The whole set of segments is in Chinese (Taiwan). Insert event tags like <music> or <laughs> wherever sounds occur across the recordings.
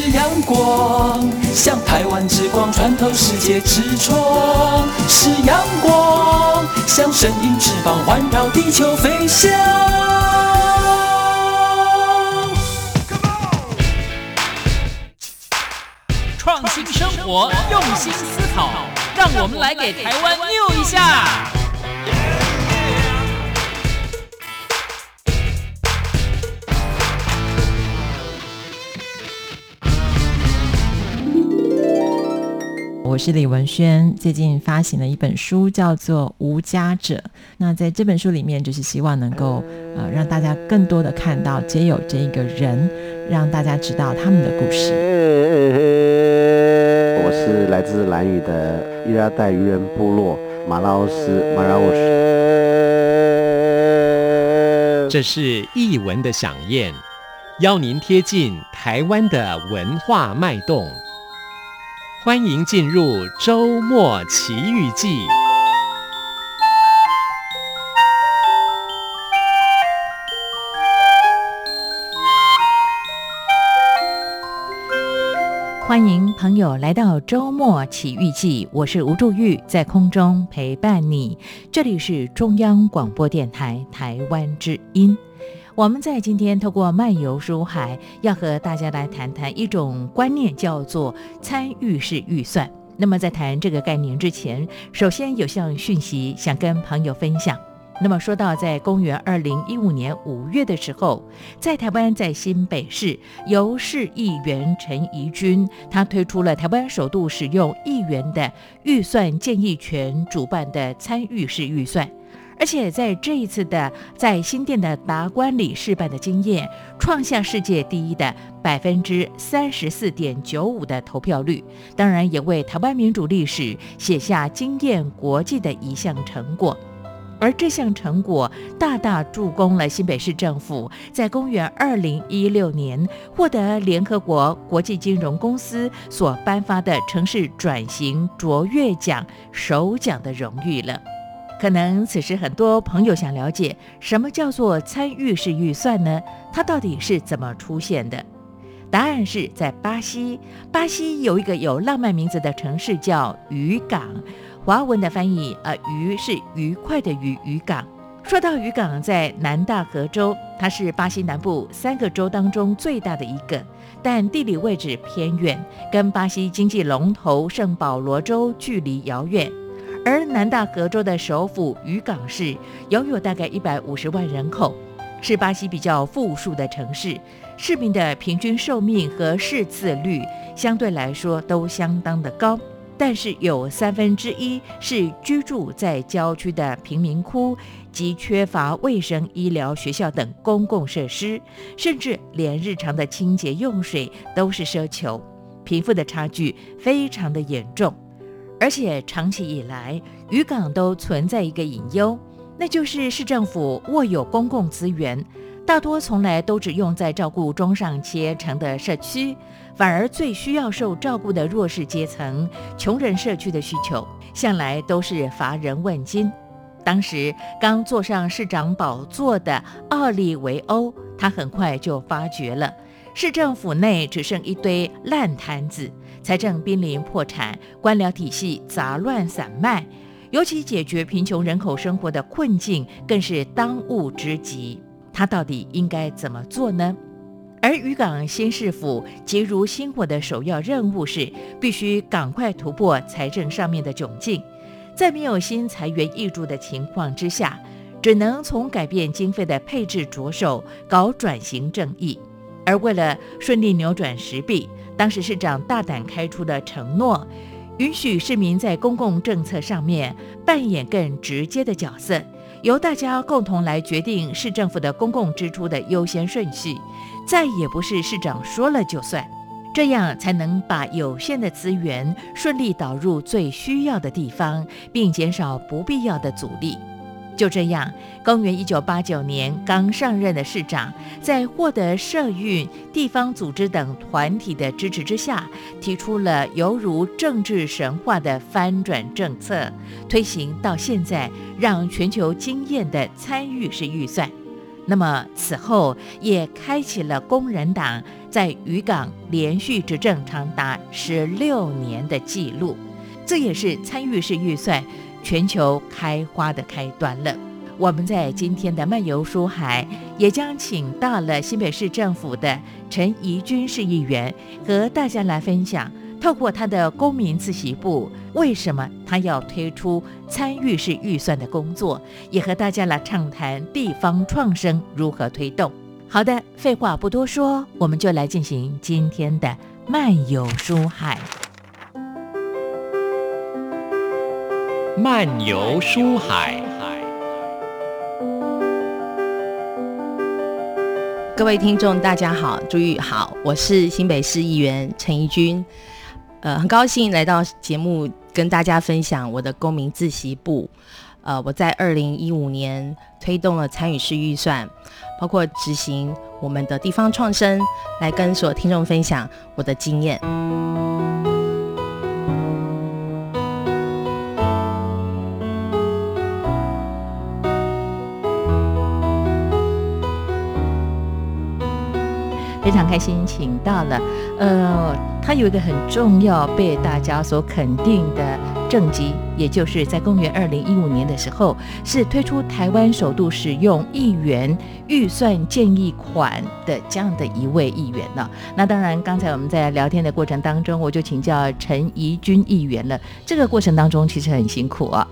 是陽光，向台灣之光穿透世界之窗；是陽光，向神鷹翅膀環繞地球飛翔。創新生活，用心思考，讓我們來給台灣 new 一下。是李文軒最近發行了一本書，叫做《無家者》。那在這本書裡面，就是希望能夠呃讓大家更多的看到街友這一個人，讓大家知道他們的故事。我是來自蘭嶼的伊拉代漁人部落馬拉奧斯，馬拉奧斯。這是藝文的饗宴，邀您貼近台灣的文化脈動。歡迎進入《週末奇遇記》。歡迎朋友來到《週末奇遇記》，我是吳祝玉，在空中陪伴你。這裡是中央廣播電臺台灣之音。我們在今天透過漫遊書海，要和大家來談談一種觀念，叫做參與式預算。那麼，在談這個概念之前，首先有項訊息想跟朋友分享。那麼，說到在公元二零一五年五月的時候，在台灣在新北市，由市議員陳儀君，他推出了台灣首度使用議員的預算建議權主辦的參與式預算。而且在這一次的在新店的達觀里試辦的經驗，創下世界第一的百分之三十四點九五的投票率，當然也為台灣民主歷史寫下驚豔國際的一項成果。而這項成果大大助攻了新北市政府在公元二零一六年獲得聯合國國際金融公司所頒發的城市轉型卓越獎首獎的榮譽了。可能此時很多朋友想了解什麼叫做參與式預算呢？它到底是怎麼出現的？答案是在巴西，巴西有一個有浪漫名字的城市叫愉港，華文的翻譯呃，愉是愉快的愉，愉港。說到愉港，在南大河州，它是巴西南部三個州當中最大的一個，但地理位置偏遠，跟巴西經濟龍頭聖保羅州距離遙遠。而南大河州的首府愉港市，擁有，有大概一百五十萬人口，是巴西比較富庶的城市。市民的平均壽命和識字率相對來說都相當的高，但是有三分之一是居住在郊區的貧民窟，及缺乏衛生、醫療、學校等公共設施，甚至連日常的清潔用水都是奢求。貧富的差距非常的嚴重。而且長期以來，漁港都存在一個隱憂，那就是市政府握有公共資源，大多從來都只用在照顧中上階層的社區，反而最需要受照顧的弱勢階層、窮人社區的需求，向來都是乏人問津。當時剛坐上市長寶座的奧利維歐，他很快就發覺了。市政府內只剩一堆爛攤子，財政瀕臨破產，官僚體系雜亂散漫，尤其解決貧窮人口生活的困境更是當務之急。他到底應該怎麼做呢？而漁港新市府急如星火的首要任務是，必須趕快突破財政上面的窘境。在沒有新財源挹注的情況之下，只能從改變經費的配置着手，搞轉型正義。而為了順利扭轉時弊，當時市長大膽開出的承諾，允許市民在公共政策上面扮演更直接的角色，由大家共同來決定市政府的公共支出的優先順序，再也不是市長說了就算。這樣才能把有限的資源順利導入最需要的地方，並減少不必要的阻力。就這樣，公元一九八九年剛上任的市長，在獲得社運、地方組織等團體的支持之下，提出了猶如政治神話的翻轉政策，推行到現在，讓全球驚豔的參與式預算。那麼此後也開啟了工人黨在漁港連續執政長達十六年的紀錄，這也是參與式預算。全球開花的開端了。我們在今天的漫遊書海，也將請到了新北市政府的陳儀君市議員，和大家來分享。透過他的公民自習簿，為什麼他要推出參與式預算的工作，也和大家來暢談地方創生如何推動。好的，廢話不多說，我們就來進行今天的漫遊書海。漫遊書，書海，各位聽眾大家好，注玉好，我是新北市議員陳儀君，呃，很高興來到節目跟大家分享我的公民自習簿，呃，我在二零一五年推動了參與式預算，包括執行我們的地方創生，來跟所有聽眾分享我的經驗。開心，請到了，呃，他有一個很重要被大家所肯定的政績，也就是在公元二零一五年的時候，是推出台灣首度使用議員預算建議款的這樣的一位議員呢、啊。那當然，剛才我們在聊天的過程當中，我就請教陳儀君議員了。這個過程當中其實很辛苦啊，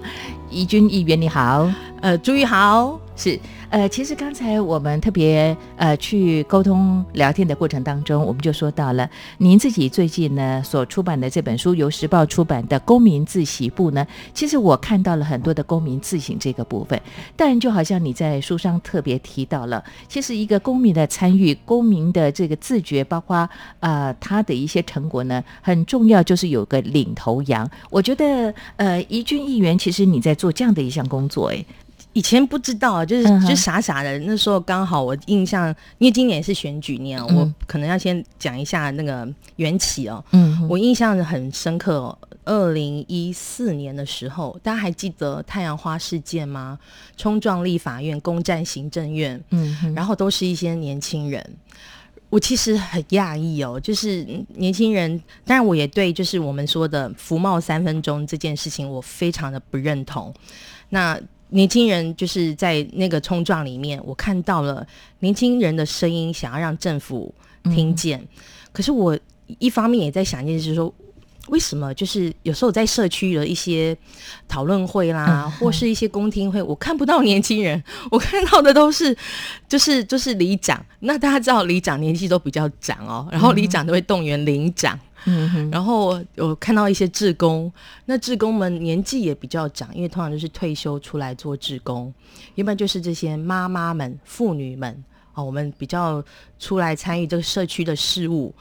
儀君議員你好，呃，朱玉豪是。呃，其實剛才我們特別呃去溝通聊天的過程當中，我們就說到了您自己最近呢所出版的這本書，由時報出版的《公民自習簿》呢，其實我看到了很多的公民自省這個部分。但就好像你在書上特別提到了，其實一個公民的參與、公民的這個自覺，包括呃他的一些成果呢，很重要就是有個領頭羊。我覺得呃儀君議員，其實你在做這樣的一項工作、欸，誒。以前不知道，就是就是，傻傻的。嗯、那時候剛好我印象，因為今年是選舉年，年，嗯，我可能要先講一下那個緣起哦。嗯，我印象很深刻，喔，二零一四年的時候，大家還記得太陽花事件嗎？衝撞立法院，攻占行政院，嗯，然後都是一些年輕人。我其實很訝異哦，就是年輕人，當然我也對，就是我們說的“服貿三分鐘”這件事情，我非常的不認同。那年輕人就是在那個衝撞裡面，我看到了年輕人的聲音，想要讓政府聽見、嗯。可是我一方面也在想一件事情，就是說，為什麼就是有時候在社區的一些討論會啦、嗯，或是一些公聽會，我看不到年輕人，我看到的都是就是就是里長。那大家知道里長年紀都比較長哦，然後里長都會動員鄰長。嗯嗯，然後我看到一些志工，那志工們年紀也比較長，因為通常就是退休出來做志工，原本就是這些媽媽們、婦女們啊、哦，我們比較出來參與這個社區的事務。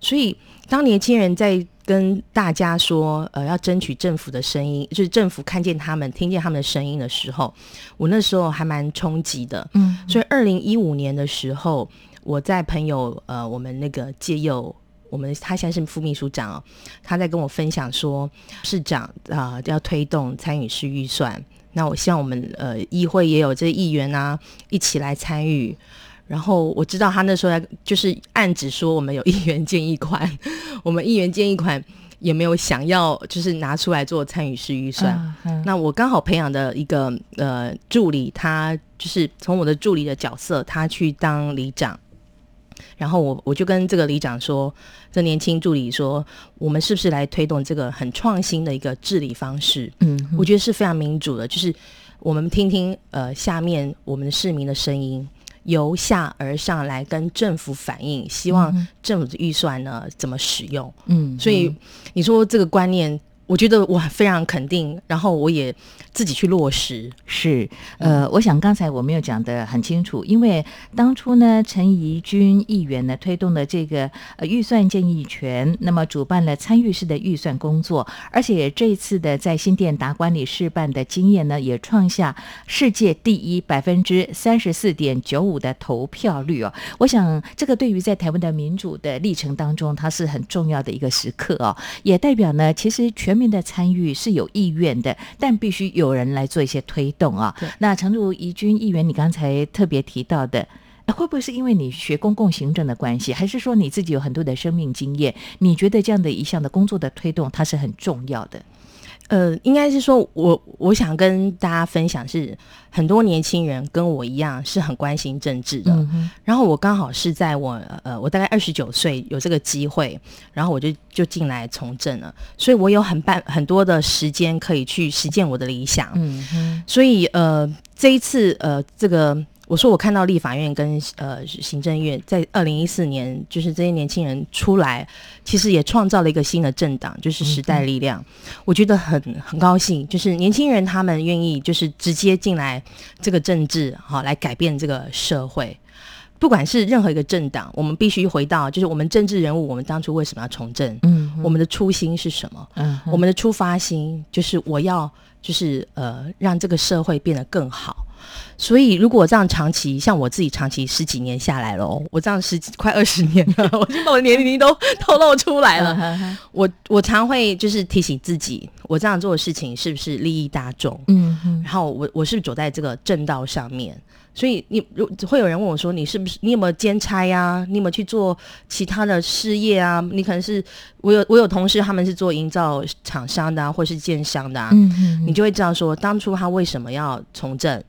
所以當年輕人在跟大家說，呃，要爭取政府的聲音，就是政府看見他們、聽見他們的聲音的時候，我那時候還蠻衝擊的。嗯，所以二零一五年的時候，我在朋友呃，我們那個借由。我們他現在是副秘書長哦，他在跟我分享說市長啊、呃、要推動參與式預算，那我希望我們呃議會也有這議員啊一起來參與，然後我知道他那時候就是暗指說我們有議員建議款， <laughs> 我們議員建議款也沒有想要就是拿出來做參與式預算。Uh -huh. 那我剛好培養的一個呃助理，他就是從我的助理的角色，他去當里長。然後我我就跟這個里長說，這年輕助理說，我們是不是來推動這個很創新的一個治理方式？嗯，我覺得是非常民主的，就是我們聽聽呃下面我們市民的聲音，由下而上來跟政府反映，希望政府的預算呢怎麼使用？嗯，所以你說這個觀念。我覺得我非常肯定，然後我也自己去落實。是，呃，我想剛才我沒有講得很清楚，嗯，因為當初呢，陳儀君議員呢推動了這個呃預算建議權，那麼主辦了參與式的預算工作，而且這一次的在新店達觀里試辦的經驗呢，也創下世界第一，百分之三十四點九五的投票率哦。我想這個對於在台灣的民主的歷程當中，它是很重要的一個時刻哦，也代表呢，其實全民。現在參與是有意願的，但必須有人來做一些推動啊。那陳儀君議員，你剛才特別提到的，會不會是因為你學公共行政的關係，還是說你自己有很多的生命經驗？你覺得這樣的一項的工作的推動，它是很重要的？呃，應該是說我，我我想跟大家分享是很多年輕人跟我一樣是很關心政治的。嗯、然後我剛好是在我呃我大概二十九歲有這個機會，然後我就就進來從政了，所以我有很半很多的時間可以去實踐我的理想。嗯哼，所以呃這一次呃這個。我說，我看到立法院跟呃行政院在二零一四年，就是這些年輕人出來，其實也創造了一個新的政黨，就是時代力量。嗯、我覺得很很高興，就是年輕人他們願意就是直接進來這個政治，好、哦、來改變這個社會。不管是任何一個政黨，我們必須回到就是我們政治人物，我們當初為什麼要從政？嗯，我們的初心是什麼？嗯，我們的出發心就是我要就是呃讓這個社會變得更好。所以，如果這樣長期，像我自己長期十幾年下來哦，我這樣十幾快二十年了，我 <laughs> <laughs> 就把我的年齡都透露出來了。 <laughs> 我我常會就是提醒自己，我這樣做的事情是不是利益大眾？嗯，然後我我是走在這個正道上面。所以你，你如會有人問我說，你是不是你有沒有兼差呀？啊？你有沒有去做其他的事業啊？你可能是我有我有同事他們是做營造廠商的，啊，或是建商的，啊。嗯，你就會知道說，當初他為什麼要從政？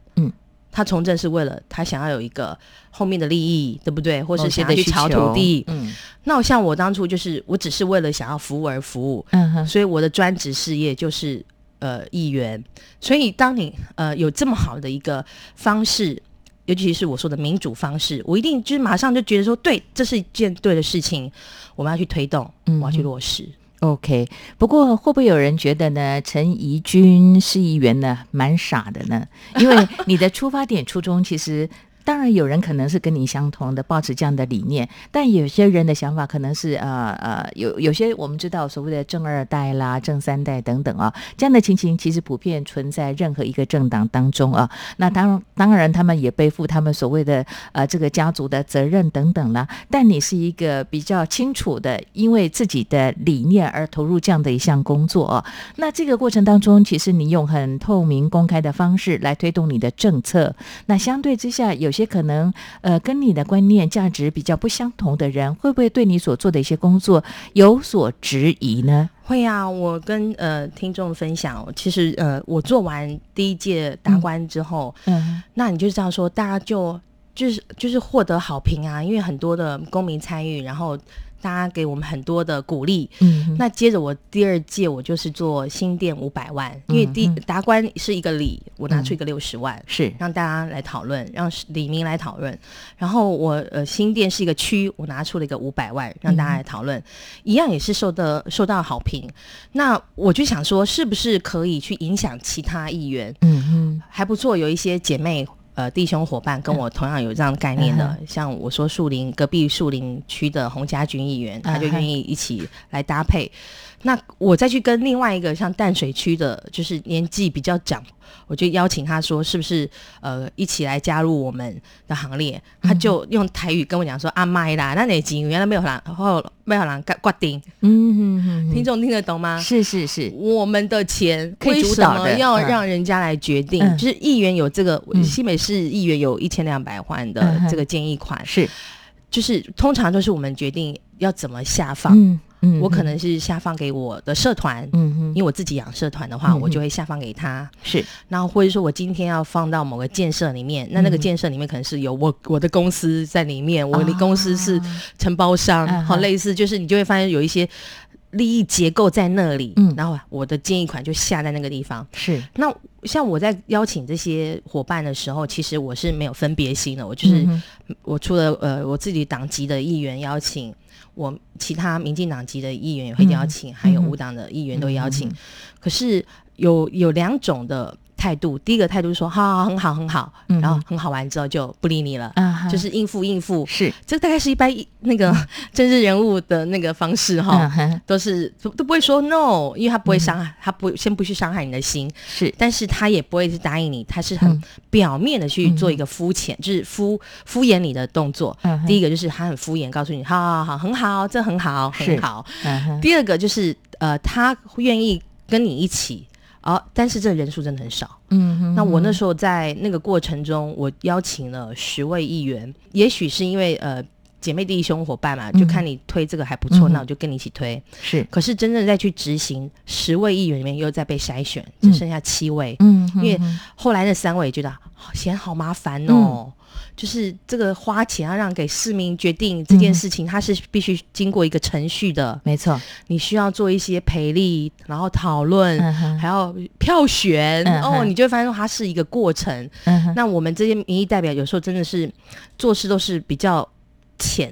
他從政是為了他想要有一個後面的利益，對不對？或者是想要去炒土地？嗯，那我像我當初就是，我只是為了想要服務而服務。嗯哼，所以我的專職事業就是呃議員。所以當你呃有這麼好的一個方式，尤其是我說的民主方式，我一定就是馬上就覺得說，對，這是一件對的事情，我們要去推動，我要去落實。嗯 OK，不過會不會有人覺得呢？陳儀君是議員呢，蠻傻的呢？因為你的出發點初衷其實。當然，有人可能是跟你相同的抱持這樣的理念，但有些人的想法可能是呃呃，有有些我們知道所謂的政二代啦、政三代等等啊，這樣的情形其實普遍存在任何一個政黨當中啊。那當當然，他們也背負他們所謂的呃這個家族的責任等等啦。但你是一個比較清楚的，因為自己的理念而投入這樣的一項工作啊。那這個過程當中，其實你用很透明、公開的方式來推動你的政策，那相對之下有。些可能呃跟你的觀念價值比較不相同的人，會不會對你所做的一些工作有所質疑呢？會啊。我跟呃聽眾分享，其實呃我做完第一屆達觀之後，嗯，嗯，那你就這樣說，大家就就是就是獲得好評啊，因為很多的公民參與，然後。大家給我們很多的鼓勵，嗯，那接着我第二屆我就是做新店五百萬、嗯，因為第一，達觀是一個裡，我拿出一個六十萬、嗯、是讓大家來討論，讓里民來討論，然後我呃新店是一個區，我拿出了一個五百萬讓大家來討論、嗯，一樣也是受到受到好評，那我就想說是不是可以去影響其他議員，嗯，還不錯，有一些姐妹。呃，弟兄伙伴跟我同樣有這樣概念的，嗯嗯、像我說樹林，隔壁樹林區的洪家軍議員，他就願意一起來搭配。嗯那我再去跟另外一個，像淡水區的，就是年紀比較長，我就邀請他說，是不是呃一起來加入我們的行列？嗯、他就用台語跟我講說：“阿、嗯、麥、啊、啦，那哪幾？原來沒有啦，然後沒有啦，掛丁嗯嗯嗯，聽眾聽得懂嗎？是是是，我們的錢為什麼要讓人家來決定？嗯、就是議員有這個、嗯、新北市議員有一千兩百萬的這個建議款，嗯、是，就是通常都是我們決定要怎麼下放。嗯我可能是下放給我的社團，嗯嗯，因為我自己養社團的話、嗯，我就會下放給他，是。然後或者說我今天要放到某個建設裡面、嗯，那那個建設裡面可能是有我我的公司在裡面，我的公司是承包商，好、哦哦、類似，就是你就會發現有一些利益結構在那裡。嗯，然後我的建議款就下在那個地方。是。那像我在邀請這些夥伴的時候，其實我是沒有分別心的，我就是、嗯、我除了呃我自己黨籍的議員邀請。我其他民進黨籍的議員也會邀請，嗯，還有無黨的議員都邀請，嗯。可是有有兩種的態度，第一個態度是說，好，好，很好，很、嗯、好，然後很好玩之後就不理你了、嗯，就是應付應付。是，這大概是一般那個政治、嗯、人物的那個方式哈、嗯，都是都，都不會說 no，因為他不會傷害、嗯，他不先不去傷害你的心。是，但是他也不會是答應你，他是很表面的去做一個膚淺、嗯，就是敷敷衍你的動作、嗯。第一個就是他很敷衍，告訴你，好，好好好，很好，這很好，很好、嗯。第二個就是呃，他願意跟你一起。哦，但是這個人數真的很少。嗯哼哼，那我那時候在那個過程中，我邀請了十位議員。也許是因為呃，姐妹弟兄伙伴嘛，嗯、就看你推這個還不錯、嗯，那我就跟你一起推。是，可是真正在去執行，十位議員裡面又在被篩選，只剩下七位。嗯，因為後來那三位覺得、哦、嫌好麻煩哦。嗯就是這個花錢要讓給市民決定這件事情，嗯、它是必須經過一個程序的。沒錯，你需要做一些培力，然後討論、嗯，還要票選、嗯、哦。你就會發現它是一個過程。嗯、那我們這些民意代表有時候真的是做事都是比較淺，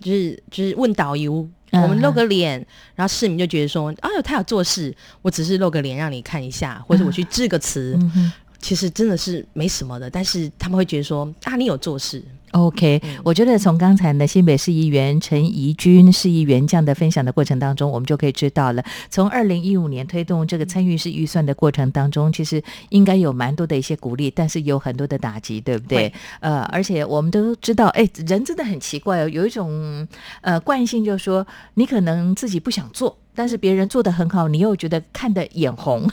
就是就是問導遊、嗯，我們露個臉，然後市民就覺得說：“哎、啊、呦，他有做事，我只是露個臉讓你看一下，嗯、或者我去致個詞。嗯”其實真的是沒什麼的，但是他們會覺得說啊，你有做事。OK，、嗯、我覺得從剛才呢，新北市議員陳儀君市議員這樣的分享的過程當中，嗯、我們就可以知道了。從二零一五年推動這個參與式預算的過程當中，其實應該有蠻多的一些鼓勵，但是有很多的打擊，對不對？呃，而且我們都知道，哎，人真的很奇怪哦，有一種呃慣性就是，就說你可能自己不想做，但是別人做的很好，你又覺得看得眼紅。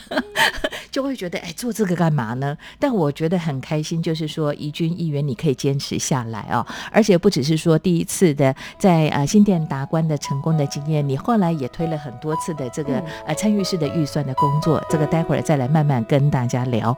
就會覺得哎，做這個幹嘛呢？但我覺得很開心，就是說儀君議員你可以堅持下來哦，而且不只是說第一次的在呃新店達觀的成功的經驗，你後來也推了很多次的這個呃參與式的預算的工作，嗯，這個待會兒再來慢慢跟大家聊。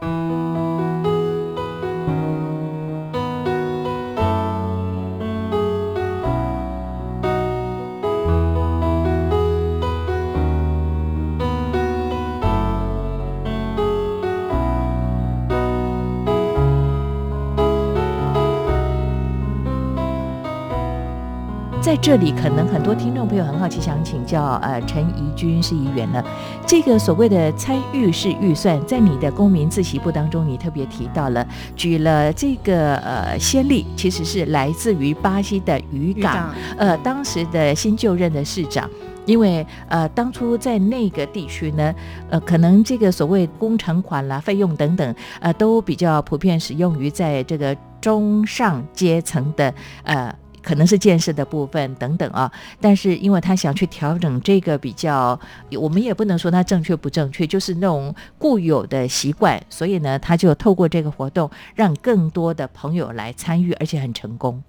在這裡，可能很多聽眾朋友很好奇，想請教呃，陳儀君市議員呢，這個所謂的參與式預算，在你的公民自習簿當中，你特別提到了，舉了這個呃先例，其實是來自於巴西的漁港，漁呃，當時的新就任的市長，因為呃當初在那個地區呢，呃，可能這個所謂工程款啦、費用等等，呃，都比較普遍使用於在這個中上階層的呃。可能是建設的部分等等啊，但是因為他想去調整這個比較，我們也不能說他正確不正確，就是那種固有的習慣，所以呢，他就透過這個活動，讓更多的朋友來參與，而且很成功。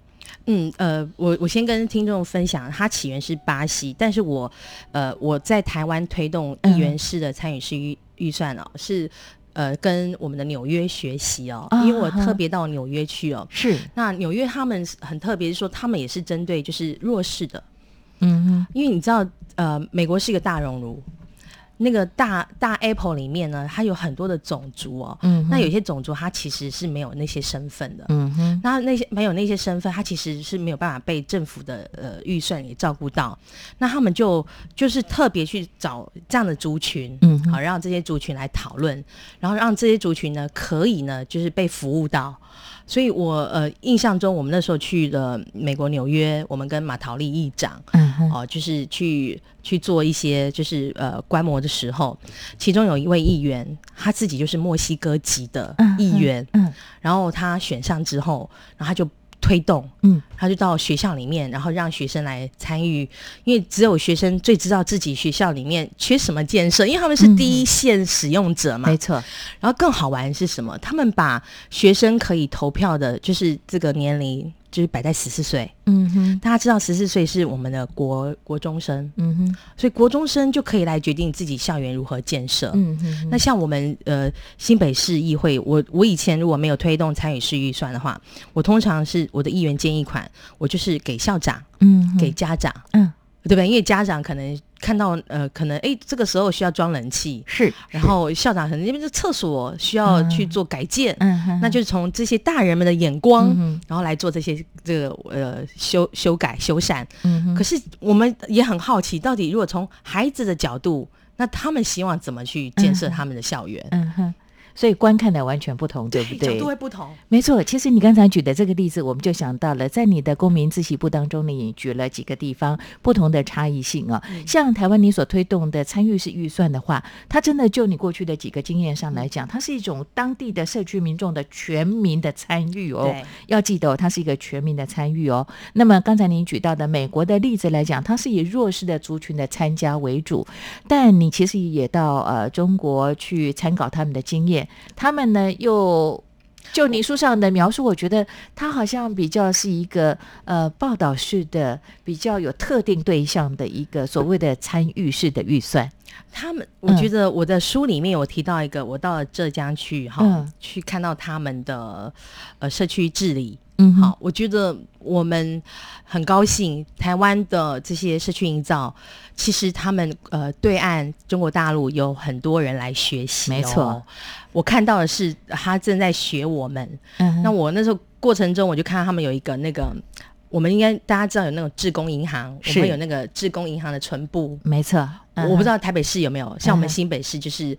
嗯，呃，我我先跟聽眾分享，它起源是巴西，但是我呃我在台灣推動議員式的參與式預預算哦，嗯、是。呃，跟我們的紐約學習哦，uh -huh. 因為我特別到紐約去哦。是，那紐約他們很特別，說他們也是針對就是弱勢的，嗯、mm -hmm.，因為你知道，呃，美國是一個大熔爐。那個大大 Apple 裡面呢，它有很多的種族哦，喔，嗯，那有些種族它其實是沒有那些身份的，嗯哼，那那些沒有那些身份，它其實是沒有辦法被政府的呃預算也照顧到，那他們就就是特別去找這樣的族群，嗯，好讓這些族群來討論，然後讓這些族群呢可以呢就是被服務到。所以我，我呃印象中，我們那時候去了美國紐約，我們跟馬陶利議長，哦、嗯呃，就是去去做一些就是呃觀摩的時候，其中有一位議員，他自己就是墨西哥籍的議員，嗯嗯、然後他選上之後，然後他就。推動，嗯，他就到學校裡面，然後讓學生來參與，因為只有學生最知道自己學校裡面缺什麼建設，因為他們是第一線使用者嘛。沒錯，嗯，然後更好玩是什麼？他們把學生可以投票的，就是這個年齡。就是擺在十四歲，嗯哼，大家知道十四歲是我們的國國中生，嗯哼，所以國中生就可以來決定自己校園如何建設，嗯哼哼。那像我們呃新北市議會，我我以前如果沒有推動參與式預算的話，我通常是我的議員建議款，我就是給校長，嗯，給家長，嗯。對吧？因為家長可能看到，呃，可能哎，這個時候需要裝冷氣，是。然後校長可能因為這廁所需要去做改建，嗯，那就是從這些大人們的眼光，嗯、然後來做這些這個呃修修改、修繕。嗯可是我們也很好奇，到底如果從孩子的角度，那他們希望怎麼去建設他們的校園？嗯所以觀看的完全不同，對不對？角度會不同，沒錯。其實你剛才舉的這個例子，我們就想到了，在你的公民自習簿當中，你舉了幾個地方不同的差異性啊，哦。像台灣你所推動的參與式預算的話，它真的就你過去的幾個經驗上來講，它是一種當地的社區民眾的全民的參與哦。要記得哦，它是一個全民的參與哦。那麼剛才您舉到的美國的例子來講，它是以弱勢的族群的參加為主，但你其實也到呃中國去參考他們的經驗。他們呢？又就你書上的描述，我覺得他好像比較是一個呃報道式的，比較有特定對象的一個所謂的參與式的預算。嗯。他們，我覺得我的書裡面我提到一個，我到了浙江去哈、哦嗯，去看到他們的呃社區治理。嗯，好，我覺得我們很高興，台灣的這些社區營造，其實他們呃對岸中國大陸有很多人來學習哦。沒錯，我看到的是他正在學我們。嗯，那我那時候過程中我就看到他們有一個那個，我們應該大家知道有那種志工銀行，我們有那個志工銀行的存簿，沒錯。我不知道台北市有沒有、uh -huh. 像我們新北市就是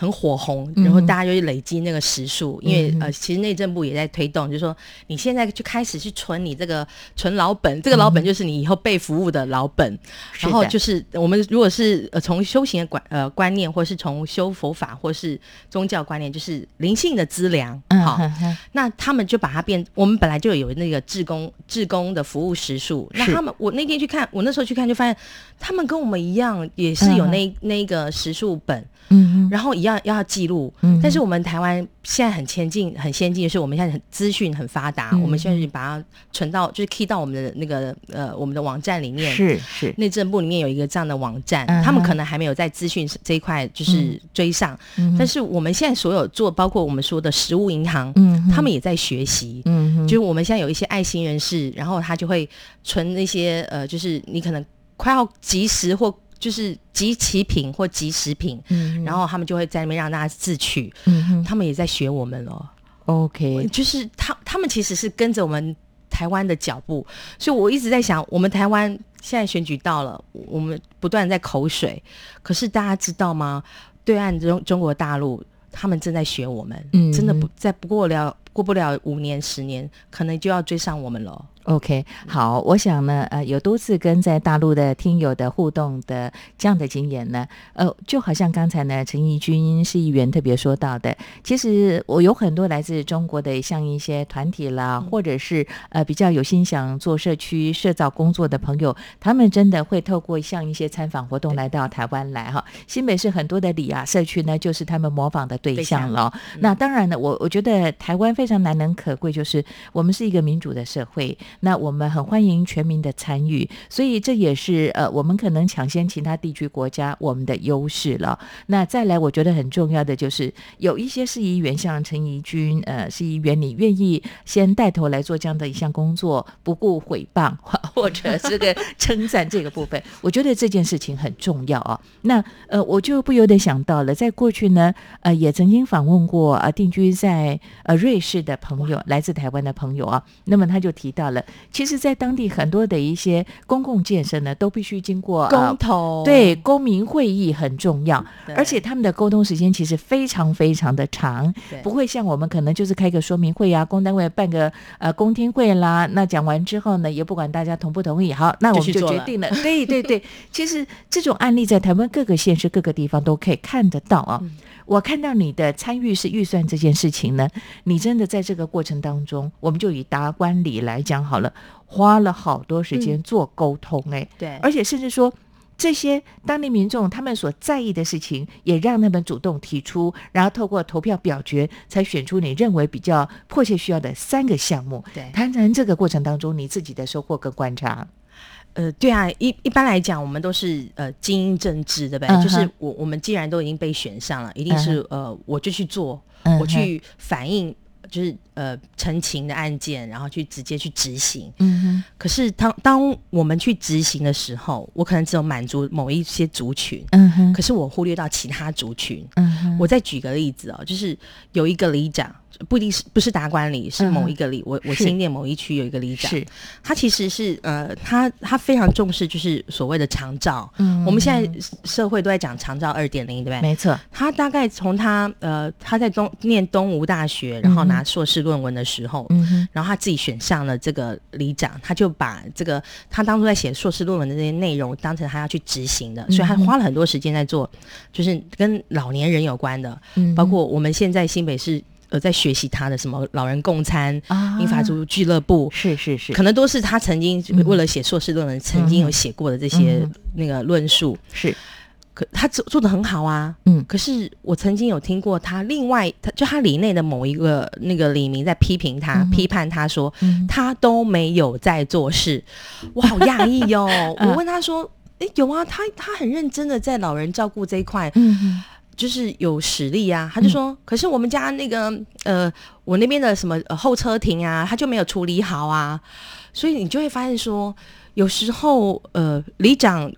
很火紅，uh -huh. 然後大家就去累積那個時數，uh -huh. 因為、uh -huh. 呃其實內政部也在推動，就是說你現在就開始去存你這個存老本，uh -huh. 這個老本就是你以後被服務的老本，uh -huh. 然後就是我們如果是呃、從修行的觀呃觀念，或是從修佛法或是宗教觀念，就是靈性的資糧，uh -huh. 好，那他們就把它變，我們本來就有那個志工志工的服務時數，uh -huh. 那他們我那天去看，我那時候去看就發現他們跟我們一樣也。是有那那個時數本，嗯，然後一樣要，要記錄，嗯，但是我們台灣現在很前進，很先進，的、就是我們現在很資訊很發達、嗯，我們現在把它存到就是 key 到我們的那個呃我們的網站裡面，是是內政部裡面有一個這樣的網站，嗯、他們可能還沒有在資訊這一塊就是追上、嗯，但是我們現在所有做包括我們說的食物銀行，嗯，他們也在學習，嗯，就是我們現在有一些愛心人士，然後他就會存那些呃，就是你可能快要及時或。就是即期品或即食品、嗯，然後他們就會在那邊讓大家自取。嗯、他們也在學我們了 OK，就是他他們其實是跟着我們台灣的腳步，所以我一直在想，我們台灣現在選舉到了，我們不斷在口水，可是大家知道嗎？對岸中中國大陸他們正在學我們，嗯、真的不再不過了，不過不了五年十年，可能就要追上我們了。OK，好，我想呢，呃，有多次跟在大陸的聽友的互動的這樣的經驗呢，呃，就好像剛才呢，陳儀君市議員特別說到的，其實我有很多來自中國的，像一些團體啦、嗯，或者是呃比較有心想做社區社造工作的朋友，他們真的會透過像一些參訪活動來到台灣來哈、哦。新北市很多的里啊，社區呢，就是他們模仿的對象了、哦嗯。那當然呢，我我覺得台灣非常難能可貴，就是我們是一個民主的社會。那我們很歡迎全民的參與，所以這也是呃我們可能搶先其他地區國家，我們的優勢了。那再來，我覺得很重要的就是有一些市議員像陳儀君，呃，市議員你願意先帶頭來做這樣的一項工作，不顧誹謗或者是個稱讚這個部分， <laughs> 我覺得這件事情很重要啊。那呃，我就不由得想到了，在過去呢，呃，也曾經訪問過呃，定居在呃瑞士的朋友，來自台灣的朋友啊，那麼他就提到了。其實，在當地很多的一些公共建設呢，都必須經過公投，呃、對，公民會議很重要，而且他們的溝通時間其實非常非常的長，不會像我們可能就是開個說明會啊，公單位辦個呃公聽會啦，那講完之後呢，也不管大家同不同意，好，那我們就決定了。了 <laughs> 對對對，對，其實這種案例在台灣各個縣市、各個地方都可以看得到啊。嗯我看到你的參與式預算這件事情呢，你真的在這個過程當中，我們就以達觀里來講好了，花了好多時間做溝通、欸，哎、嗯，對，而且甚至說這些當地民眾他們所在意的事情，也讓他們主動提出，然後透過投票表決，才選出你認為比較迫切需要的三個項目。對，談談這個過程當中你自己的收穫跟觀察。呃，對啊，一一般來講，我們都是呃精英政治，對不對？Uh -huh. 就是我我們既然都已經被選上了，一定是、uh -huh. 呃，我就去做，uh -huh. 我去反映，就是呃，陳情的案件，然後去直接去執行。嗯、uh -huh. 可是當當我們去執行的時候，我可能只有滿足某一些族群。嗯、uh -huh. 可是我忽略到其他族群。嗯、uh -huh. 我再舉個例子哦，就是有一個里長。不一定是不是達觀里，是某一個里，嗯，我我新店某一區有一個里長，是他其實是呃，他他非常重視就是所謂的長照，嗯，我們現在社會都在講長照二點零，對不對？沒錯，他大概從他呃他在東念東吳大學，然後拿碩士論文的時候，嗯，然後他自己選上了這個里長，他就把這個他當初在寫碩士論文的這些內容當成他要去執行的，所以他花了很多時間在做，就是跟老年人有關的，嗯，包括我們現在新北市。呃，在學習他的什麼老人共餐、啊、英法足俱樂部，是是是，可能都是他曾經為了寫碩士論文、嗯、曾經有寫過的這些那個論述。是、嗯，可他做做的很好啊。嗯。可是我曾經有聽過他另外，他就他里內的某一個那個里民在批評他、嗯、批判他說、嗯、他都沒有在做事。我好訝異喲。 <laughs> 我問他說：“哎、欸，有啊，他他很認真的在老人照顧這一塊。”嗯。就是有實力啊，他就說，嗯、可是我們家那個，呃，我那邊的什麼呃、候車亭啊，他就沒有處理好啊，所以你就會發現說，有時候呃，里長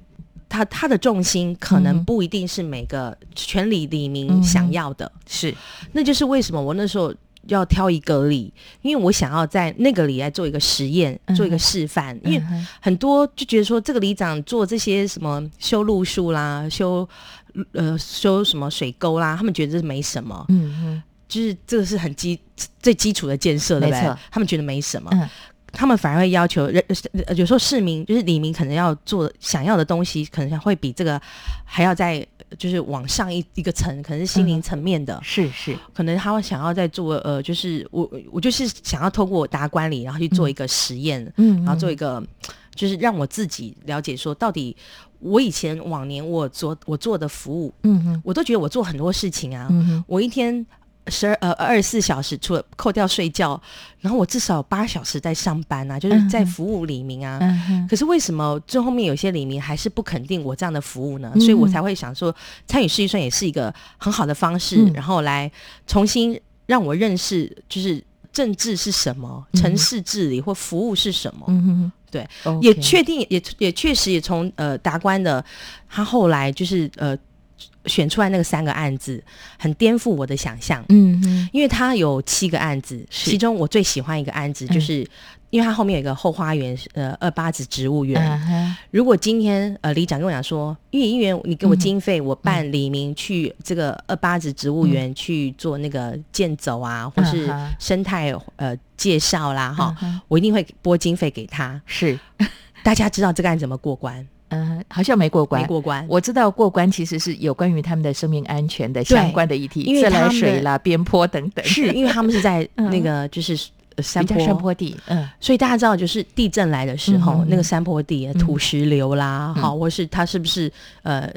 他他的重心可能不一定是每個全里里民想要的、嗯，是，那就是為什麼我那時候要挑一個里，因為我想要在那個里來做一個實驗，嗯、做一個示範、嗯，因為很多就覺得說這個里長做這些什麼修路術啦，修。呃，修什麼水溝啦？他們覺得這是沒什麼，嗯嗯，就是這個是很基最基礎的建設，對不對？他們覺得沒什麼，嗯、他們反而會要求人。有時候市民就是里民，可能要做想要的東西，可能會比這個還要再，就是往上一一個層，可能是心靈層面的，是、嗯、是，可能他會想要再做呃，就是我我就是想要透過我達觀里，然後去做一個實驗，嗯，然後做一個，就是讓我自己了解說到底。我以前往年我做我做的服務，嗯，我都覺得我做很多事情啊，嗯，我一天十二呃二十四小時，除了扣掉睡覺，然後我至少八小時在上班啊，就是在服務里民啊、嗯。可是為什麼最後面有些里民還是不肯定我這樣的服務呢？嗯、所以我才會想說，參與式預算也是一個很好的方式，嗯、然後來重新讓我認識，就是政治是什麼，城、嗯、市治理或服務是什麼。嗯對，okay. 也確定，也也確實也從呃達官的他後來就是呃選出來那個三個案子，很顛覆我的想象，嗯嗯，因為他有七個案子，是。其中我最喜歡一個案子就是。嗯因為它後面有一個後花園，呃，二八子植物園。Uh -huh. 如果今天呃李長跟我講說，運營員，你給我經費，uh -huh. 我辦李明去這個二八子植物園去做那個健走啊，uh -huh. 或是生態呃介紹啦，哈，uh -huh. 我一定會撥經費給他。是、uh -huh.，大家知道這個案怎麼過關？嗯、uh -huh.，好像沒過關，沒過關。我知道過關其實是有關於他們的生命安全的相關的議題，自來水啦、邊坡等等。是， <laughs> 因為他們是在那個就是。山坡，山坡地，嗯，所以大家知道，就是地震來的時候，嗯、那個山坡地土石流啦、嗯，好，或是它是不是呃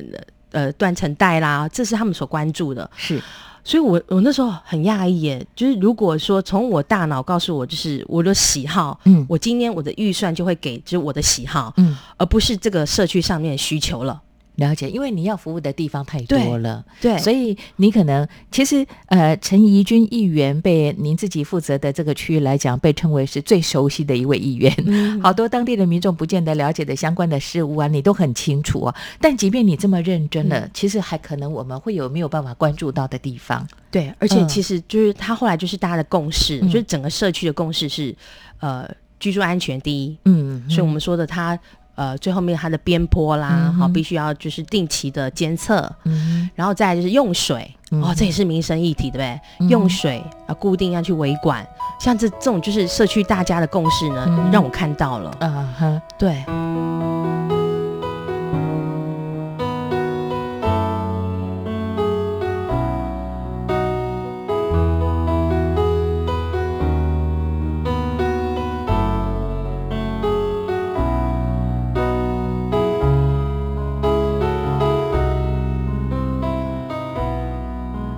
呃斷層帶啦，這是他們所關注的。是，所以我我那時候很訝異耶，就是如果說從我大腦告訴我，就是我的喜好，嗯，我今天我的預算就會給，就是我的喜好，嗯，而不是這個社區上面的需求了。了解，因為你要服務的地方太多了。對，對，所以你可能其實，呃，陳儀君議員被您自己負責的這個區域來講，被稱為是最熟悉的一位議員、嗯。好多當地的民眾不見得了解的相關的事物啊，你都很清楚啊。但即便你這麼認真了、嗯，其實還可能我們會有沒有辦法關注到的地方。對，而且其實就是他後來就是大家的共識，嗯、就是整個社區的共識是，呃，居住安全第一。嗯，所以我們說的他。呃，最後面它的邊坡啦，好、嗯，必須要就是定期的監測，嗯，然後再來就是用水、嗯，哦，這也是民生議題，對不對？嗯、用水啊，固定要去維管，像這這種就是社區大家的共識呢，嗯、讓我看到了，嗯哼，對。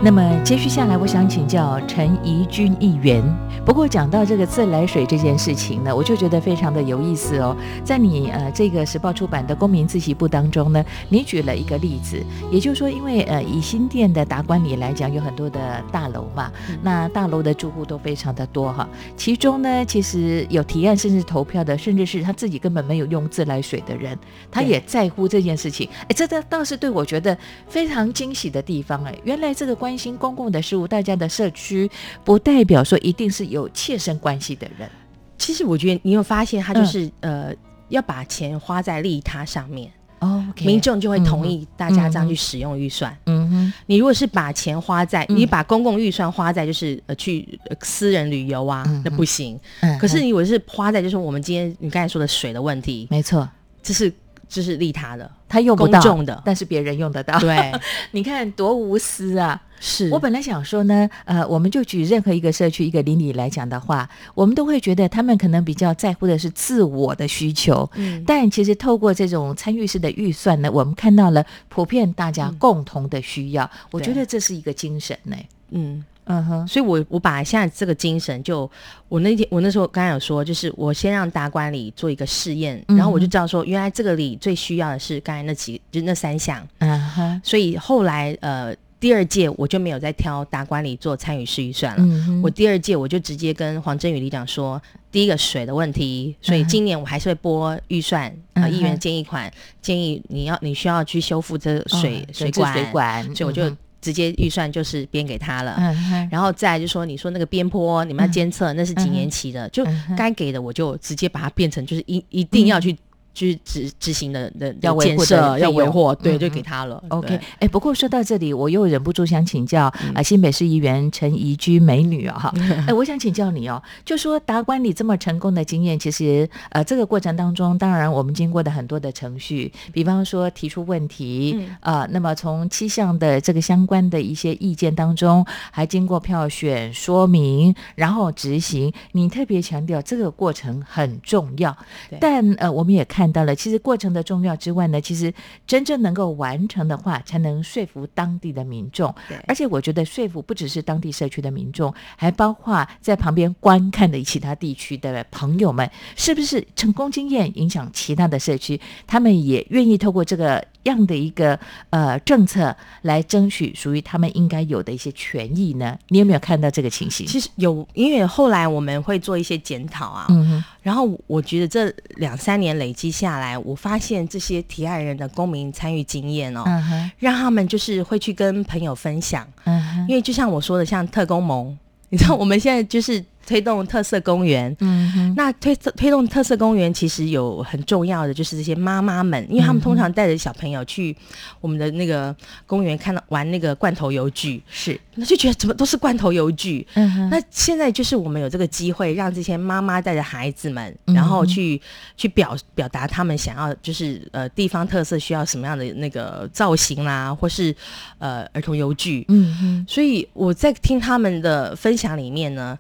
那麼接續下來，我想請教陳儀君議員。不過講到這個自來水這件事情呢，我就覺得非常的有意思哦。在你呃這個時報出版的公民自習簿當中呢，你舉了一個例子，也就是說，因為呃以新店的達觀里來講，有很多的大樓嘛，那大樓的住戶都非常的多哈。其中呢，其實有提案甚至投票的，甚至是他自己根本沒有用自來水的人，他也在乎這件事情。哎，這個倒是對我覺得非常驚喜的地方哎，原來這個關。新公共的事物，大家的社區不代表說一定是有切身關係的人。其實我覺得，你有，有發現，他就是、嗯、呃，要把錢花在利他上面，哦、okay，民眾就會同意大家這樣去使用預算。嗯哼、嗯嗯嗯嗯嗯，你如果是把錢花在，嗯、你把公共預算花在就是呃去呃私人旅遊啊、嗯嗯，那不行。嗯，可是你如果是花在，就是我們今天你剛才說的水的問題，沒錯，這、就是這、就是利他的，他用不到公眾的，但是別人用得到。對， <laughs> 你看多無私啊！是我本來想說呢，呃，我們就舉任何一個社區一個鄰里來講的話，我們都會覺得他們可能比較在乎的是自我的需求。嗯。但其實透過這種參與式的預算呢，我們看到了普遍大家共同的需要。嗯、我覺得這是一個精神呢、欸。嗯嗯哼。所以我，我我把現在這個精神就，就我那天我那時候剛剛有說，就是我先讓達觀里做一個試驗、嗯，然後我就知道說，原來這個里最需要的是剛才那幾就是、那三項。嗯哼。所以後來呃。第二屆我就沒有再挑大管理做參與式預算了。嗯、我第二屆我就直接跟黃振宇里長說，第一個水的問題，所以今年我還是會撥預算，啊、嗯呃，議員建議款建議你要你需要去修復這水、哦、水管，水管、嗯，所以我就直接預算就是編給他了。嗯、然後再來就說你說那個邊坡你們要監測、嗯，那是幾年期的、嗯，就該給的我就直接把它變成就是一一定要去。去執執行的的建要維護的要維護，對、嗯，就給他了。OK，哎、欸，不過說到這裡，我又忍不住想請教啊、嗯呃，新北市議員陳儀君美女啊、喔，哎、嗯欸，我想請教你哦、喔，就說達觀你這麼成功的經驗，其實呃，這個過程當中，當然我們經過的很多的程序，比方說提出問題啊、嗯呃，那麼從七項的這個相關的一些意見當中，還經過票選、說明，然後執行，你特別強調這個過程很重要，但呃，我們也看。看到了，其實過程的重要之外呢，其實真正能夠完成的話，才能說服當地的民眾。對，而且我覺得說服不只是當地社區的民眾，還包括在旁邊觀看的其他地區的朋友們，是不是成功經驗影響其他的社區，他們也願意透過這個。樣的一個呃政策來爭取屬於他們應該有的一些權益呢？你有沒有看到這個情形？其實有，因為後來我們會做一些檢討啊。嗯哼。然後我覺得這兩三年累積下來，我發現這些提案人的公民參與經驗哦，嗯哼。讓他們就是會去跟朋友分享。嗯哼。因為就像我說的，像特工盟，你知道我們現在就是。推動特色公園，嗯，那推推動特色公園，其實有很重要的就是這些媽媽們，因為他們通常帶着小朋友去我們的那個公園，看到玩那個罐頭遊具，是，那就覺得怎麼都是罐頭遊具。嗯哼，那現在就是我們有這個機會，讓這些媽媽帶着孩子們，嗯、然後去去表表達他們想要，就是呃地方特色需要什麼樣的那個造型啦，啊，或是呃兒童遊具。嗯哼，所以我在聽他們的分享裡面呢。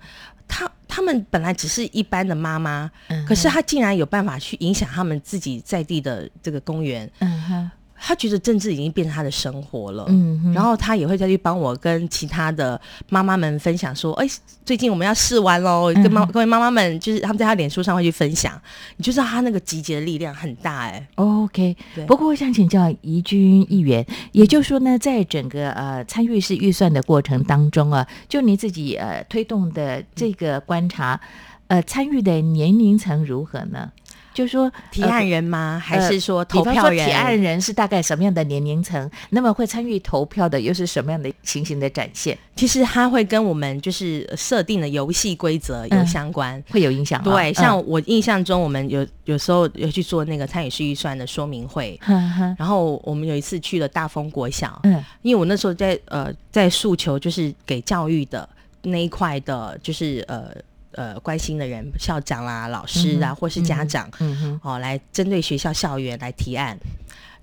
他他們本來只是一般的媽媽，嗯，可是他竟然有辦法去影響他們自己在地的這個公園。嗯他覺得政治已經變成他的生活了，嗯哼，然後他也會再去幫我跟其他的媽媽們分享說：“哎，欸，最近我們要試玩嘍嗯！”跟媽各位媽媽們，就是他們在他臉書上會去分享，你就知道他那個集結的力量很大哎，欸。OK，對，不過我想請教儀君議員，也就是說呢，在整個呃參與式預算的過程當中啊，就你自己呃推動的這個觀察，呃參與的年齡層如何呢？就是說提案人嗎？呃、還是說、呃、投票人？提案人是大概什麼樣的年齡層？那麼會參與投票的又是什麼樣的情形的展現？其實它會跟我們就是設定的遊戲規則有相關，嗯、會有影響。對、嗯，像我印象中，我們有有時候有去做那個參與式預算的說明會、嗯，然後我們有一次去了大豐國小，嗯，因為我那時候在呃在訴求就是給教育的那一塊的，就是呃。呃，關心的人，校長啦、啊、老師啊、嗯，或是家長，嗯、哦，來針對學校校園來提案、嗯。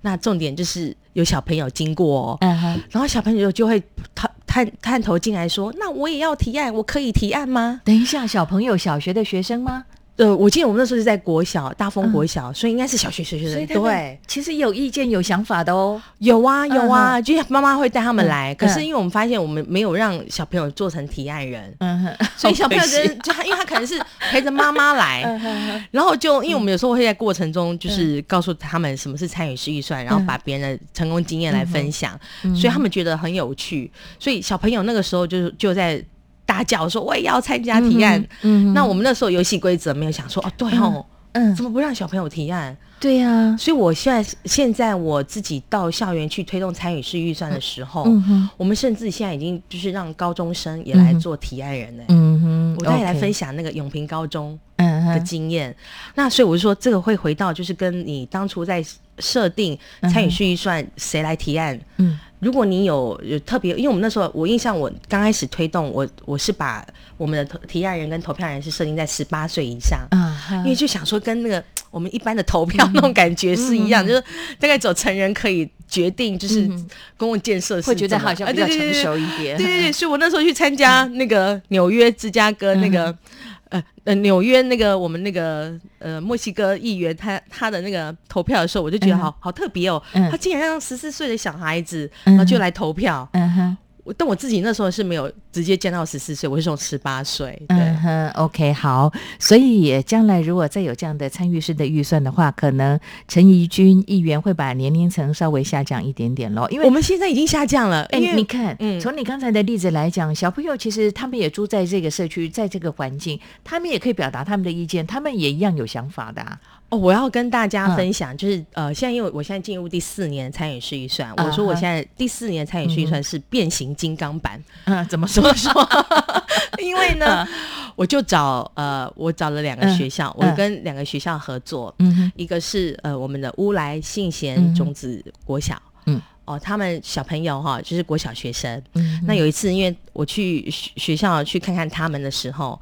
那重點就是有小朋友經過哦，哦、嗯，然後小朋友就會探探探頭進來，說：“那我也要提案，我可以提案嗎？”等一下，小朋友，小學的學生嗎？呃，我記得我們那時候是在國小，大豐國小，嗯、所以應該是小學學學生。對，其實有意見、有想法的哦。有啊，有啊，嗯、就媽媽會帶他們來、嗯嗯。可是因為我們發現，我們沒有讓小朋友做成提案人，嗯、所以小朋友就他，因為他可能是陪着媽媽來、嗯。然後就因為我們有時候會在過程中，就是告訴他們什麼是參與式預算、嗯，然後把別人的成功經驗來分享、嗯，所以他們覺得很有趣。所以小朋友那個時候就是就在。打攪說我也要參加提案，嗯，嗯，那我們那時候遊戲規則沒有想說、嗯、哦，對哦，嗯，怎麼不讓小朋友提案？對、嗯、呀，所以我現在現在我自己到校園去推動參與式預算的時候，嗯，嗯我們甚至現在已經就是讓高中生也來做提案人呢、欸嗯，嗯哼，我也來分享那個永平高中嗯的經驗、嗯，那所以我就說這個會回到就是跟你當初在。設定參與式預算誰、嗯、來提案？嗯，如果你有，有特別，因為我們那時候我印象，我剛開始推動，我我是把我們的投提案人跟投票人是設定在十八歲以上，嗯，因為就想說跟那個我們一般的投票那種感覺是一樣，嗯嗯、就是大概走成人可以決定，就是公共建設、嗯、會覺得好像比較成熟一點。啊、對對對、嗯、對，所以我那時候去參加那個紐約、芝加哥那個。嗯呃呃，紐約那個我們那個呃墨西哥議員他，他他的那個投票的時候，我就覺得好、Uh-huh. 好特別哦，Uh-huh. 他竟然讓十四歲的小孩子，然後就來投票。嗯哼。但我自己那時候是沒有直接降到十四歲，我是從十八歲。嗯哼，OK，好，所以將來如果再有這樣的參與式的預算的話，可能陳儀君議員會把年齡層稍微下降一點點嘍。因為我們現在已經下降了。哎、欸，你看，從你剛才的例子來講、嗯，小朋友其實他們也住在這個社區，在這個環境，他們也可以表達他們的意見，他們也一樣有想法的、啊。哦、我要跟大家分享，嗯、就是呃，現在因為我現在進入第四年參與式預算、呃，我說我現在第四年參與式預算是變形金剛版，呃、怎麼說說？ <laughs> <laughs> 因為呢，呃、我就找呃，我找了兩個學校，呃、我跟兩個學校合作，嗯、呃，一個是呃我們的烏來信賢種子國小，嗯、呃、哦、呃呃，他們小朋友哈、哦，就是國小學生、呃，那有一次因為我去學校去看看他們的時候。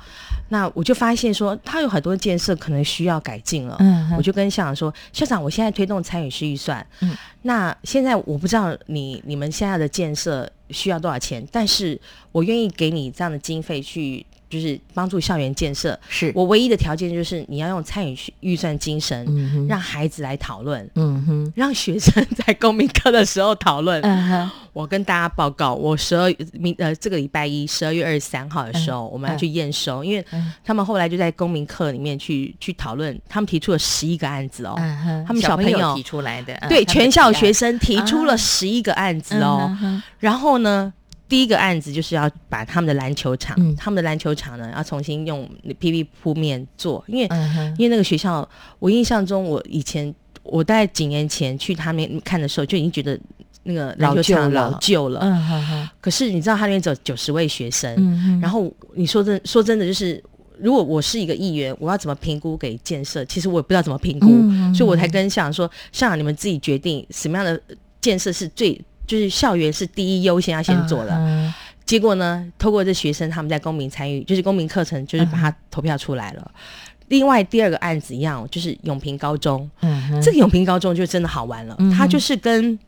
那我就發現說，他有很多建設可能需要改進了。嗯，我就跟校長說，校長，我現在推動參與式預算。嗯，那現在我不知道你你們現在的建設需要多少錢，但是我願意給你這樣的經費去。就是幫助校園建設，是我唯一的條件，就是你要用參與預算精神，讓孩子來討論，嗯哼，讓學生在公民課的時候討論，嗯哼。我跟大家報告，我十二月明呃這個禮拜一十二月二十三號的時候，嗯、我們要去驗收，因為他們後來就在公民課裡面去去討論，他們提出了十一個案子哦，嗯、他們小朋,小朋友提出來的，嗯、對、嗯、全校學生提出了十一個案子哦，嗯、然後呢，第一個案子，就是要把他們的籃球場、嗯，他們的籃球場呢，要重新用 PV 鋪面做，因為、嗯、因為那個學校，我印象中我以前我大概幾年前去他們看的時候就已經覺得那個籃球場老舊了，老舊了、嗯哼哼。可是你知道他那邊只有九十位學生、嗯，然後你說真說真的就是，如果我是一個議員，我要怎麼評估給建設？其實我也不知道怎麼評估、嗯哼哼，所以我才跟校長說，校長你們自己決定什麼樣的建設是最。就是校園是第一優先要先做的，uh-huh. 結果呢，透過這學生他們在公民參與，就是公民課程，就是把它投票出來了。Uh-huh. 另外第二個案子一樣，就是永平高中，uh-huh. 這個永平高中就真的好玩了，它、uh-huh. 就是跟。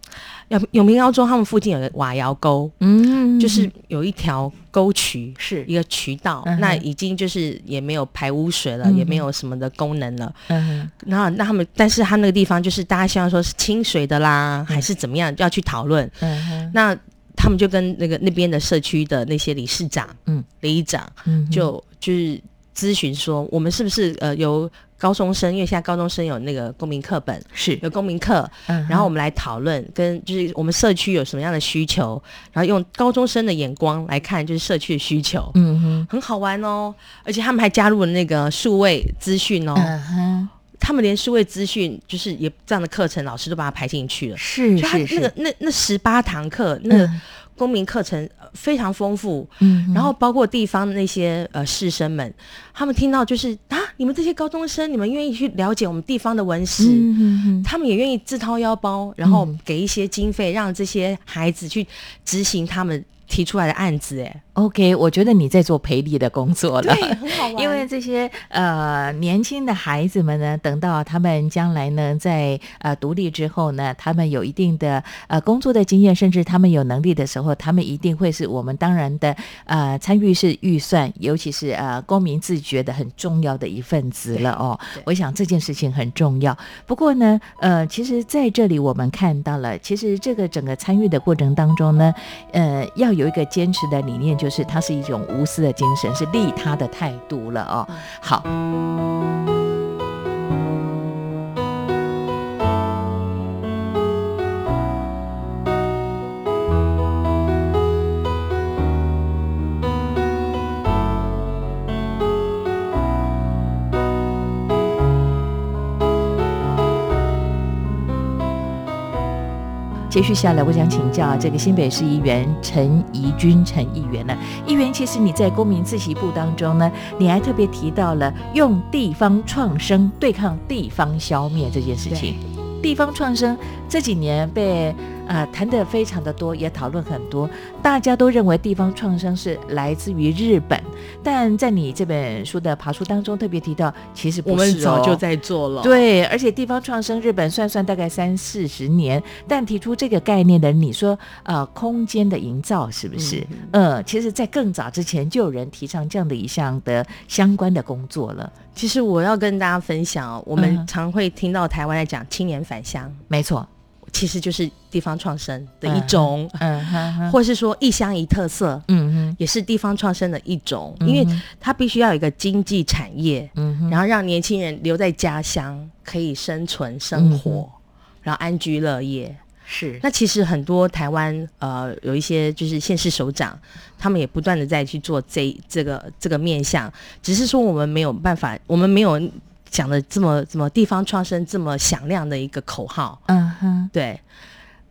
永永明高中，他們附近有個瓦窯溝，嗯，就是有一條溝渠，是一個渠道，嗯，那已經就是也沒有排汙水了，嗯，也沒有什麼的功能了，嗯哼，然後那他們，但是他那個地方就是大家希望說是清水的啦，嗯，還是怎麼樣，要去討論，嗯哼，那他們就跟那個那邊的社區的那些理事長，嗯，理事長，嗯，就就是。諮詢說，我們是不是呃由高中生？因為現在高中生有那個公民課本，是有公民課，嗯，然後我們來討論跟就是我們社區有什麼樣的需求，然後用高中生的眼光來看就是社區的需求，嗯哼，很好玩哦，而且他們還加入了那個數位資訊哦，嗯哼，他們連數位資訊就是也這樣的課程，老師都把它排進去了，是就、那個、是，是，是，那個那那十八堂課，那。嗯公民課程非常豐富，嗯，然後包括地方那些呃士紳們，他們聽到就是啊，你們這些高中生，你們願意去了解我們地方的文史，嗯、哼哼他們也願意自掏腰包，然後給一些經費，嗯、讓這些孩子去執行他們。提出來的案子，哎，OK，我覺得你在做培力的工作了， <laughs> 對，很好玩。因為這些呃年輕的孩子們呢，等到他們將來呢，在呃獨立之後呢，他們有一定的呃工作的經驗，甚至他們有能力的時候，他們一定會是我們當然的呃參與式預算，尤其是呃公民自覺的很重要的一份子了哦。我想這件事情很重要。不過呢，呃，其實在這裡我們看到了，其實這個整個參與的過程當中呢，呃，要有。有一個堅持的理念，就是它是一種無私的精神，是利他的態度了哦。好。接續下來，我想請教這個新北市議員陳儀君陳議員呢？議員，其實你在公民自習簿當中呢，你還特別提到了用地方創生對抗地方消滅這件事情。地方創生這幾年被，啊，談得非常的多，也討論很多，大家都認為地方創生是來自於日本，但在你這本書的爬書當中特別提到，其實不是，哦，我們早就在做了。對，而且地方創生日本算算大概三四十年，但提出這個概念的，你說呃、啊、空間的營造是不是？嗯、呃，其實，在更早之前就有人提倡這樣的一項的相關的工作了。其實我要跟大家分享我們常會聽到台灣在講青年返鄉，嗯、沒錯。其實就是地方創生的一種，嗯，哼嗯哼，或是說一鄉一特色，嗯哼，也是地方創生的一種，嗯，因為它必須要有一個經濟產業，嗯哼，然後讓年輕人留在家鄉可以生存生活，嗯，然後安居樂業，是。那其實很多台灣呃有一些就是縣市首長，他們也不斷的在去做這這個這個面向，只是說我們沒有辦法，我們沒有。講的這麼這麼地方創生這麼響亮的一個口號，嗯哼，對。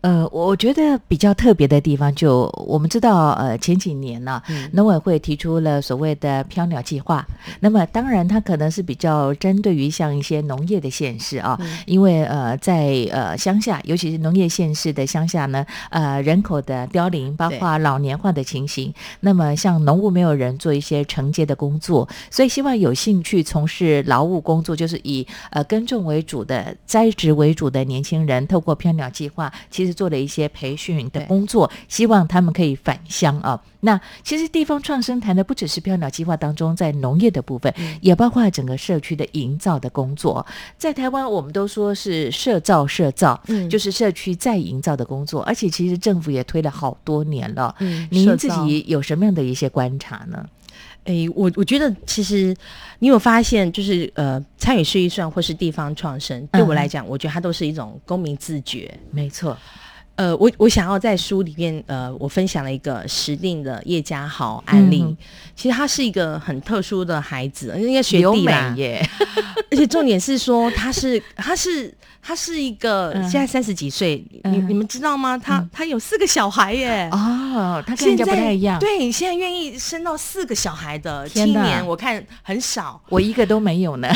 呃，我覺得比較特別的地方就我們知道，呃，前幾年呢、啊嗯，農委會提出了所謂的“漂鳥計畫”。那麼，當然它可能是比較針對於像一些農業的縣市啊，嗯、因為呃，在呃鄉下，尤其是農業縣市的鄉下呢，呃，人口的凋零，包括老年化的情形。那麼，像農務沒有人做一些承接的工作，所以希望有興趣從事勞務工作，就是以呃耕種為主的、栽植為主的年輕人，透過“漂鳥計畫”，其實。做了一些培訓的工作，希望他們可以返鄉啊、哦。那其實地方創生談的不只是“漂鳥計畫”當中在農業的部分、嗯，也包括整個社區的營造的工作。在台灣，我們都說是社造社造，嗯，就是社區再營造的工作。而且其實政府也推了好多年了。嗯，您自己有什麼樣的一些觀察呢？哎，我我覺得其實你有發現，就是呃，參與式預算或是地方創生、嗯，對我來講，我覺得它都是一種公民自覺。沒錯。呃，我我想要在書裡面，呃，我分享了一個石碇的葉家豪案例、嗯。其實他是一個很特殊的孩子，應該學弟妹耶。 <laughs> 而且重點是說他是，他是他是他是一個、嗯、現在三十幾歲、嗯，你你們知道嗎？他、嗯、他有四個小孩耶。哦，他現在不太一樣。對，你現在願意生到四個小孩的青年，我看很少。我一個都沒有呢， <laughs> <laughs> 因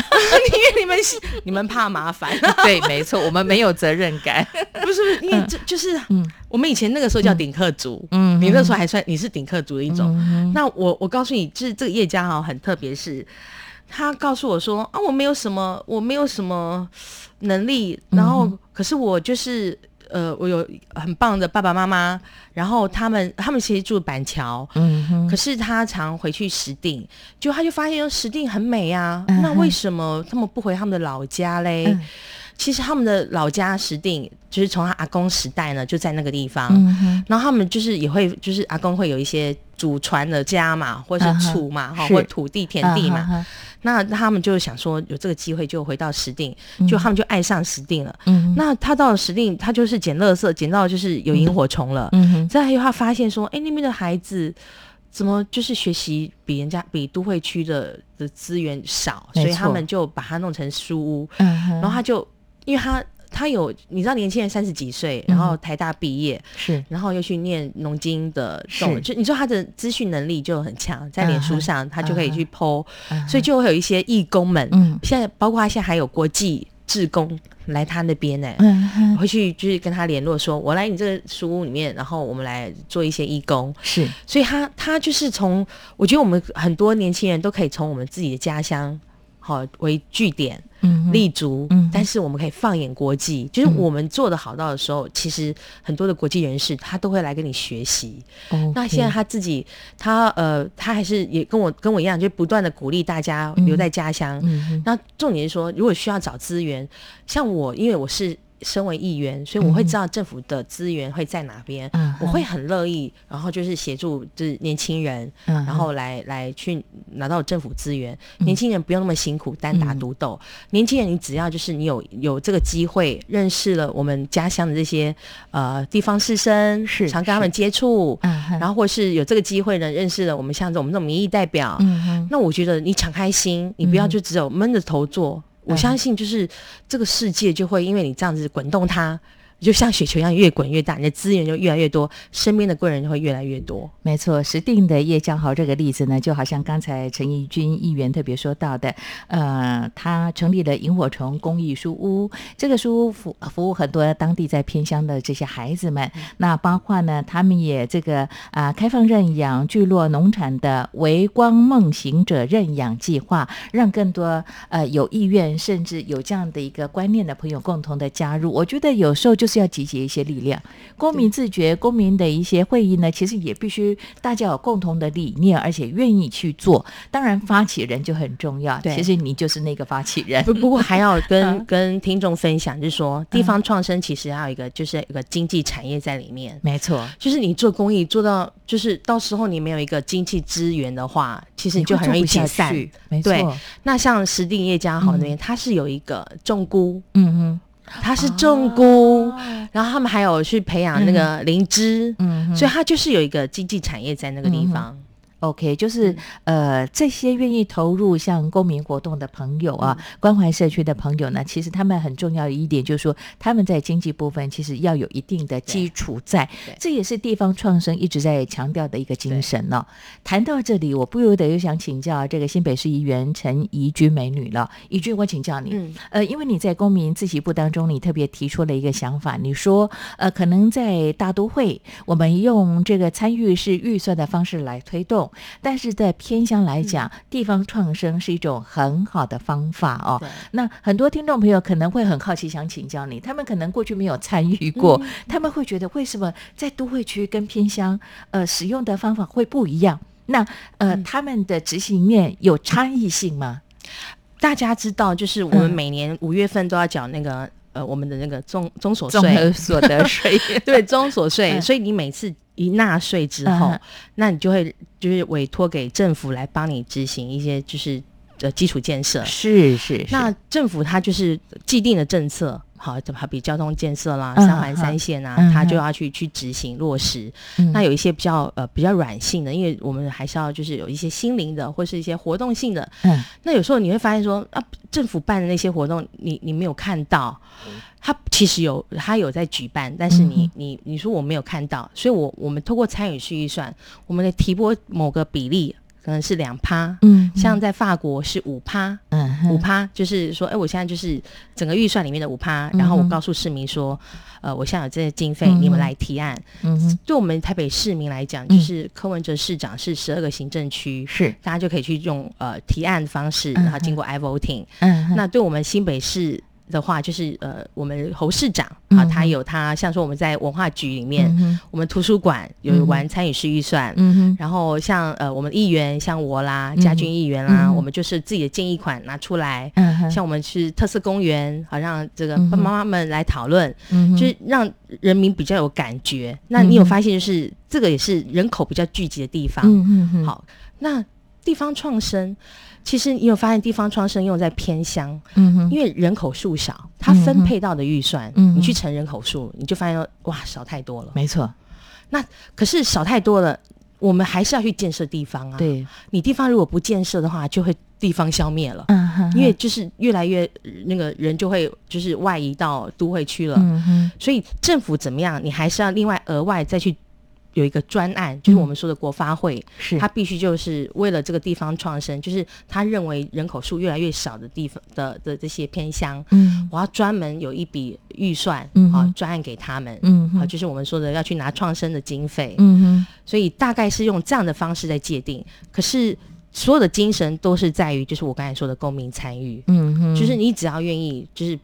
為你們是，你們怕麻煩。 <laughs> 對，沒錯，我們沒有責任感。 <laughs> 不是，不是因為這就是。是、嗯、啊，我們以前那個時候叫頂客族，嗯、你那個時候還算你是頂客族的一種。嗯、那我我告訴你，這、就是、這個葉家豪很特別，是他告訴我說啊，我沒有什麼，我沒有什麼能力，然後、嗯、可是我就是呃，我有很棒的爸爸媽媽，然後他們他們其實住板橋，嗯哼，可是他常回去石碇，就他就發現石碇很美啊、嗯，那為什麼他們不回他們的老家嘞？嗯其實他們的老家石碇，就是從他阿公時代呢就在那個地方，嗯，然後他們就是也會，就是阿公會有一些祖傳的家嘛，或者是厝嘛，哈、啊哦，或者土地田地嘛，啊哼哼，那他們就想說有這個機會就回到石碇，嗯、就他們就愛上石碇了。嗯、那他到了石碇，他就是撿垃圾，撿到就是有螢火蟲了。再還有他發現說，哎，那邊的孩子怎麼就是學習比人家比都會區的的資源少，所以他們就把它弄成書屋，嗯，然後他就。因為他他有你知道年輕人三十幾歲，然後台大畢業、嗯、是，然後又去念農經的動，就你知道他的資訊能力就很強，在臉書上他就可以去剖、嗯，所以就會有一些義工們，嗯，現在包括他現在還有國際志工來他那邊呢、欸，嗯哼，會去就是跟他聯絡說，說我來你這個書屋裡面，然後我們來做一些義工，是，所以他他就是從我覺得我們很多年輕人都可以從我們自己的家鄉。好、哦、為據點、嗯，立足、嗯，但是我們可以放眼國際、嗯，就是我們做得好到的時候，其實很多的國際人士他都會來跟你學習、嗯。那現在他自己，他呃，他還是也跟我跟我一樣，就不斷的鼓勵大家留在家鄉、嗯。那重點是說，如果需要找資源，像我，因為我是。身為議員，所以我會知道政府的資源會在哪邊、嗯，我會很樂意，然後就是協助就是年輕人，嗯、然後來來去拿到政府資源。年輕人不用那麼辛苦、嗯、單打獨鬥、嗯，年輕人你只要就是你有有這個機會，認識了我們家鄉的這些呃地方士紳，是，是常跟他們接觸、嗯，然後或是有這個機會呢，認識了我們像這種這種民意代表、嗯，那我覺得你敞開心，你不要就只有悶着頭做。嗯嗯我相信，就是這個世界就會因為你這樣子滾動它。就像雪球一樣越滾越大，你的資源就越來越多，身邊的貴人就會越來越多。沒錯，石碇的葉江豪這個例子呢，就好像剛才陳儀君議員特別說到的，呃，他成立了螢火蟲公益書屋，這個書屋服服務很多當地在偏鄉的這些孩子們。嗯、那包括呢，他們也這個啊、呃、開放認養聚落農產的“微光夢行者”認養計劃，讓更多呃有意願甚至有這樣的一個觀念的朋友共同的加入。我覺得有時候就是。就是要集結一些力量，公民自覺，公民的一些會議呢，其實也必須大家有共同的理念，而且願意去做。當然，發起人就很重要，對。其實你就是那個發起人。不過還要跟、啊、跟聽眾分享，就是說、啊、地方創生其實還有一個就是一個經濟產業在裡面。沒錯，就是你做公益做到，就是到時候你沒有一個經濟資源的話，其實你就很容易解散。沒錯。對，那像石碇葉家豪那邊，他、嗯、是有一個種菇。嗯嗯。他是種菇、啊，然後他們還有去培養那個靈芝，嗯，嗯所以他就是有一個經濟產業在那個地方。嗯 OK，就是、嗯、呃，這些願意投入像公民活動的朋友啊，嗯、關懷社區的朋友呢、嗯，其實他們很重要的一點就是說，他們在經濟部分其實要有一定的基礎在，這也是地方創生一直在強調的一個精神呢、哦。談到這裡，我不由得又想請教這個新北市議員陳儀君美女了，儀君，我請教你、嗯，呃，因為你在公民自習簿當中，你特別提出了一個想法，嗯、你說呃，可能在大都會，我們用這個參與式預算的方式來推動。但是在偏鄉來講、嗯，地方創生是一種很好的方法哦。那很多聽眾朋友可能會很好奇，想請教你，他們可能過去沒有參與過、嗯，他們會覺得為什麼在都會區跟偏鄉呃使用的方法會不一樣？那呃、嗯，他們的執行面有差異性嗎？大家知道，就是我們每年五月份都要繳那個、嗯、呃，我們的那個綜綜所稅所得稅， <laughs> 對綜所稅、嗯，所以你每次。一納稅之後，嗯，那你就會就是委託給政府來幫你執行一些就是呃基礎建設，是是、是，那政府它就是既定的政策。好，就好比交通建設啦，三環三線啊、哦，他就要去去執行、嗯、落實、嗯。那有一些比較呃比較軟性的，因為我們還是要就是有一些心靈的或是一些活動性的、嗯。那有時候你會發現說啊，政府辦的那些活動你，你你沒有看到，嗯、他其實有他有在舉辦，但是你、嗯、你你說我沒有看到，所以我我們通過參與式預算，我們來提撥某個比例。可能是兩趴，嗯，像在法國是五趴，嗯，五趴就是說，哎、欸，我現在就是整個預算裡面的五趴，嗯，然後我告訴市民說，呃，我現在有這些經費，嗯，你們來提案，嗯，對我們台北市民來講，就是柯文哲市長是十二個行政區，是，嗯、大家就可以去用呃提案的方式，然後經過 I Voting，嗯，那對我們新北市。的話，就是呃，我們侯市長、嗯、啊，他有他，像說我們在文化局裡面，嗯、我們圖書館有玩參與式預算，嗯，然後像呃，我們議員像我啦，儀君議員啦、嗯，我們就是自己的建議款拿出來，嗯，像我們去特色公園，好讓這個爸爸媽媽們來討論，嗯，就是讓人民比較有感覺。嗯、那你有發現，就是這個也是人口比較聚集的地方，嗯嗯嗯，好，那。地方創生，其實你有發現地方創生用在偏鄉，嗯哼，因為人口數少，它分配到的預算，嗯，你去乘人口數，你就發現哇少太多了，沒錯。那可是少太多了，我們還是要去建設地方啊。對，你地方如果不建設的話，就會地方消滅了，嗯哼哼，因為就是越來越那個人就會就是外移到都會區了，嗯哼。所以政府怎麼樣，你還是要另外額外再去。有一個專案，就是我們說的國發會，嗯、是他必須就是為了這個地方創生，就是他認為人口數越來越少的地方的的，的這些偏鄉，嗯，我要專門有一筆預算，嗯，啊專案給他們，嗯、啊，就是我們說的要去拿創生的經費，嗯嗯，所以大概是用這樣的方式在界定，可是所有的精神都是在於就是我剛才說的公民參與，嗯嗯，就是你只要願意就是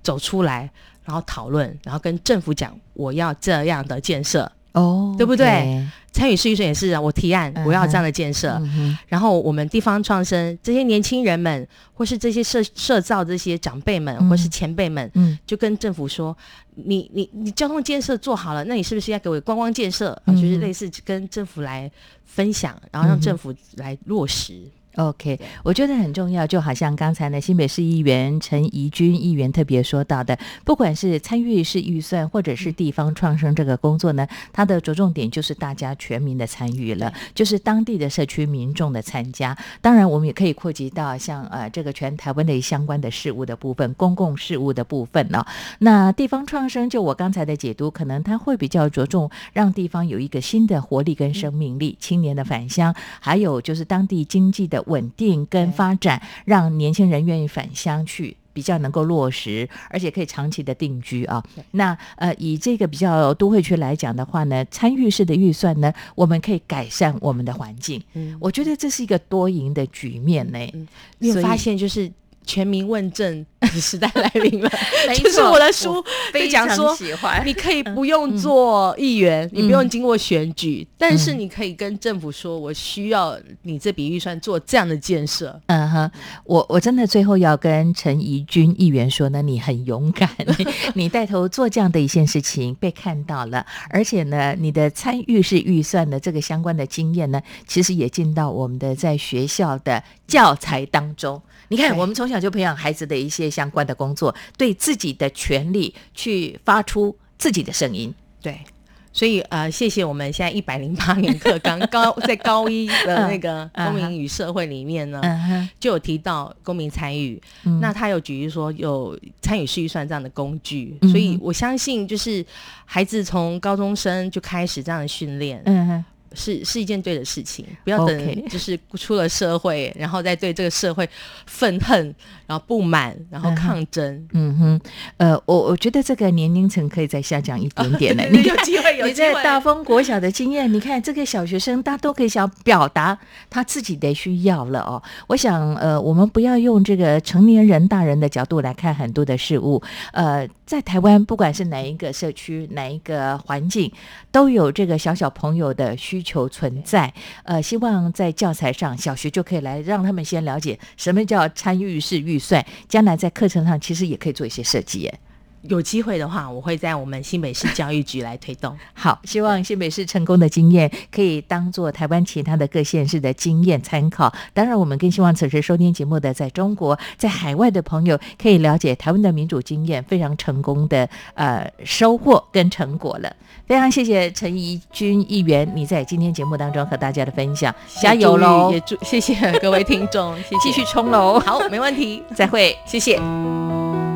走出來，然後討論，然後跟政府講我要這樣的建設。哦、oh, okay.，對不對？參與式預算也是啊，我提案我要這樣的建設，嗯嗯。然後我們地方創生這些年輕人們，或是這些社社造這些長輩們，嗯、或是前輩們，嗯，就跟政府說，你你你交通建設做好了，那你是不是要給我觀光，光建設，嗯？就是類似跟政府來分享，然後讓政府來落實。嗯 OK，我覺得很重要，就好像剛才呢，新北市議員陳儀君議員特別說到的，不管是參與式預算或者是地方創生這個工作呢，它的着重點就是大家全民的參與了，就是當地的社區民眾的參加。當然，我們也可以擴及到像呃這個全台灣的相關的事務的部分，公共事務的部分呢、哦。那地方創生，就我剛才的解讀，可能它會比較着重讓地方有一個新的活力跟生命力，青年的返鄉，還有就是當地經濟的。穩定跟發展，讓年輕人願意返鄉去，比較能夠落實，而且可以長期的定居啊。那呃，以這個比較都會區來講的話呢，參與式的預算呢，我們可以改善我們的環境。嗯，我覺得這是一個多贏的局面呢、欸。你、嗯、有、嗯、發現就是？全民問政時代來臨了， <laughs> 沒錯 <laughs> 就是我的書，我非常喜歡， <laughs> 你可以不用做議員，嗯、你不用經過選舉、嗯，但是你可以跟政府說、嗯，我需要你這筆預算做這樣的建設。嗯哼，嗯 <laughs> 我我真的最後要跟陳儀君議員說呢，你很勇敢， <laughs> 你帶頭做這樣的一件事情被看到了，而且呢，你的參與式預算的這個相關的經驗呢，其實也進到我們的在學校的教材當中。你看，我們從小就培養孩子的一些相關的工作，對自己的權利去發出自己的聲音。對，所以呃，謝謝我們現在一百零八年課綱剛剛在高一的那個公民與社會裡面呢、 <laughs> 嗯，就有提到公民參與、嗯。那他有舉例說有參與式預算這樣的工具、嗯，所以我相信就是孩子從高中生就開始這樣的訓練。嗯哼。是是一件對的事情，不要等就是出了社會，okay、然後再對這個社會憤恨，然後不滿，然後抗爭。嗯哼，嗯哼呃，我我覺得這個年齡層可以再下降一點點、哦、你 <laughs> 有機會，有機會。你在大風國小的經驗，你看這個小學生大都可以想表達他自己的需要了哦。我想，呃，我們不要用這個成年人大人的角度來看很多的事物。呃，在台灣，不管是哪一個社區，哪一個環境，都有這個小小朋友的需。求存在，呃，希望在教材上小學就可以來讓他們先了解什麼叫參與式預算，將來在課程上其實也可以做一些設計，有機會的話，我會在我們新北市教育局來推動。 <laughs> 好，希望新北市成功的經驗可以當做台灣其他的各縣市的經驗參考。當然，我們更希望此時收聽節目的在中國、在海外的朋友，可以了解台灣的民主經驗非常成功的呃收穫跟成果了。非常謝謝陳怡君議員你在今天節目當中和大家的分享，加油嘍！也祝謝謝各位聽眾， <laughs> 謝謝繼續衝嘍！好，沒問題， <laughs> 再會， <laughs> 謝謝。 <noise>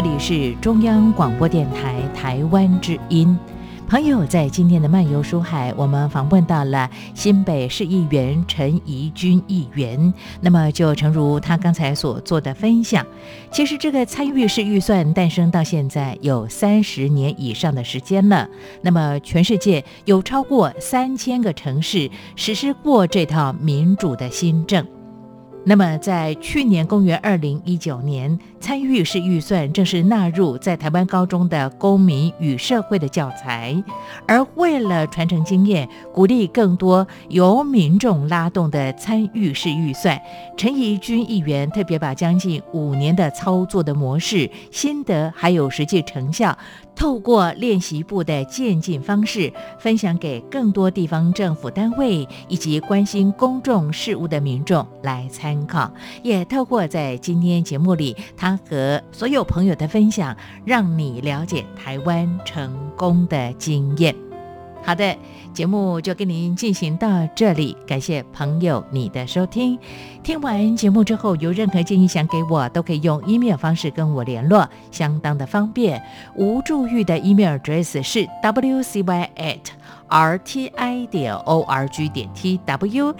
這裡是中央廣播電台台灣之音。朋友，在今天的漫遊書海，我們訪問到了新北市議員陳儀君議員。那麼，就誠如他剛才所做的分享，其實這個參與式預算誕生到現在有三十年以上的時間了。那麼，全世界有超過三千個城市實施過這套民主的新政。那麼，在去年公元二零一九年，參與式預算正式納入在台灣高中的公民與社會的教材。而為了傳承經驗，鼓勵更多由民眾拉動的參與式預算，陳儀君議員特別把將近五年的操作的模式、心得還有實際成效。透過自習簿的漸進方式，分享給更多地方政府單位以及關心公眾事務的民眾來參考。也透過在今天節目裡，他和所有朋友的分享，讓你了解台灣成功的經驗。好的。節目就跟您進行到這裡，感謝朋友你的收聽。聽完節目之後，有任何建議想給我，都可以用 email 方式跟我聯絡，相當的方便。吳祝玉的 email address 是 wcy at rti 點 org 點 tw，wcy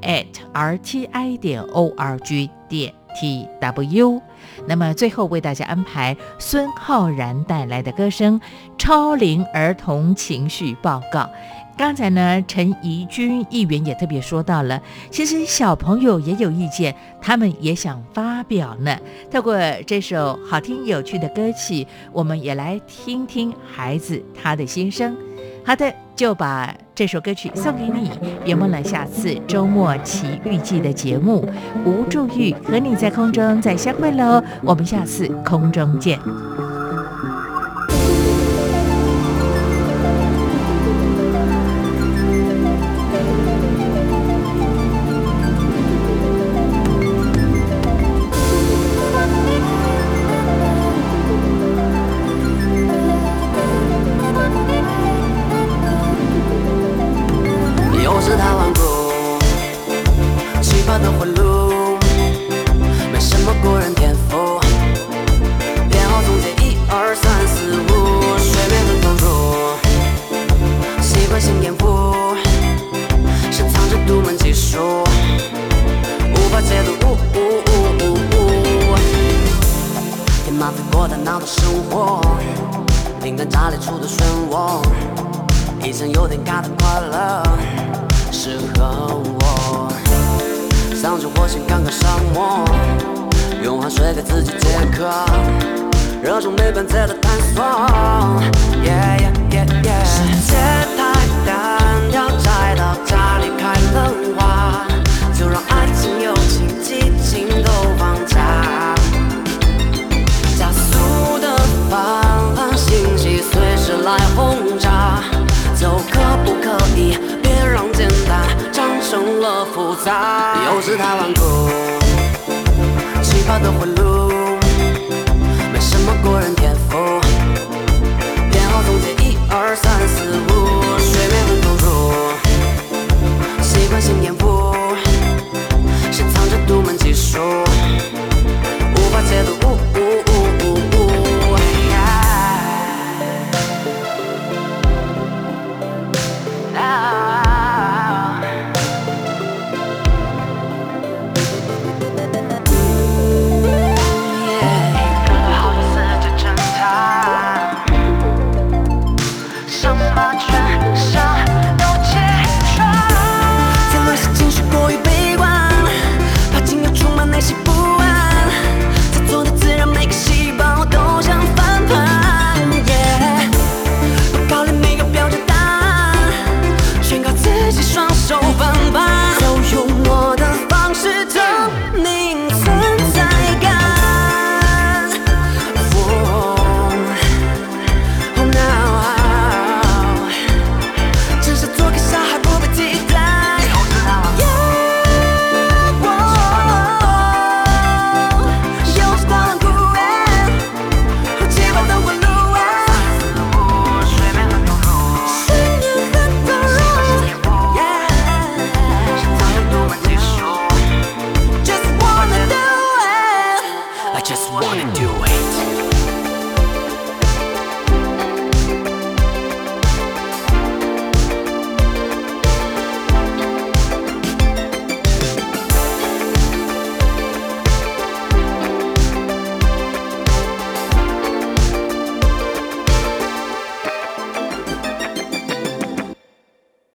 at rti 點 org 點 tw。那麼最後為大家安排孫浩然帶來的歌聲《超齡兒童情緒報告》。剛才呢，陳儀君議員也特別說到了，其實小朋友也有意見，他們也想發表呢。透過這首好聽有趣的歌曲，我們也來聽聽孩子他的心聲。好的，就把這首歌曲送給你。別忘了下次周末《奇遇記》的節目，吳祝玉和你在空中再相會嘍。我們下次空中見。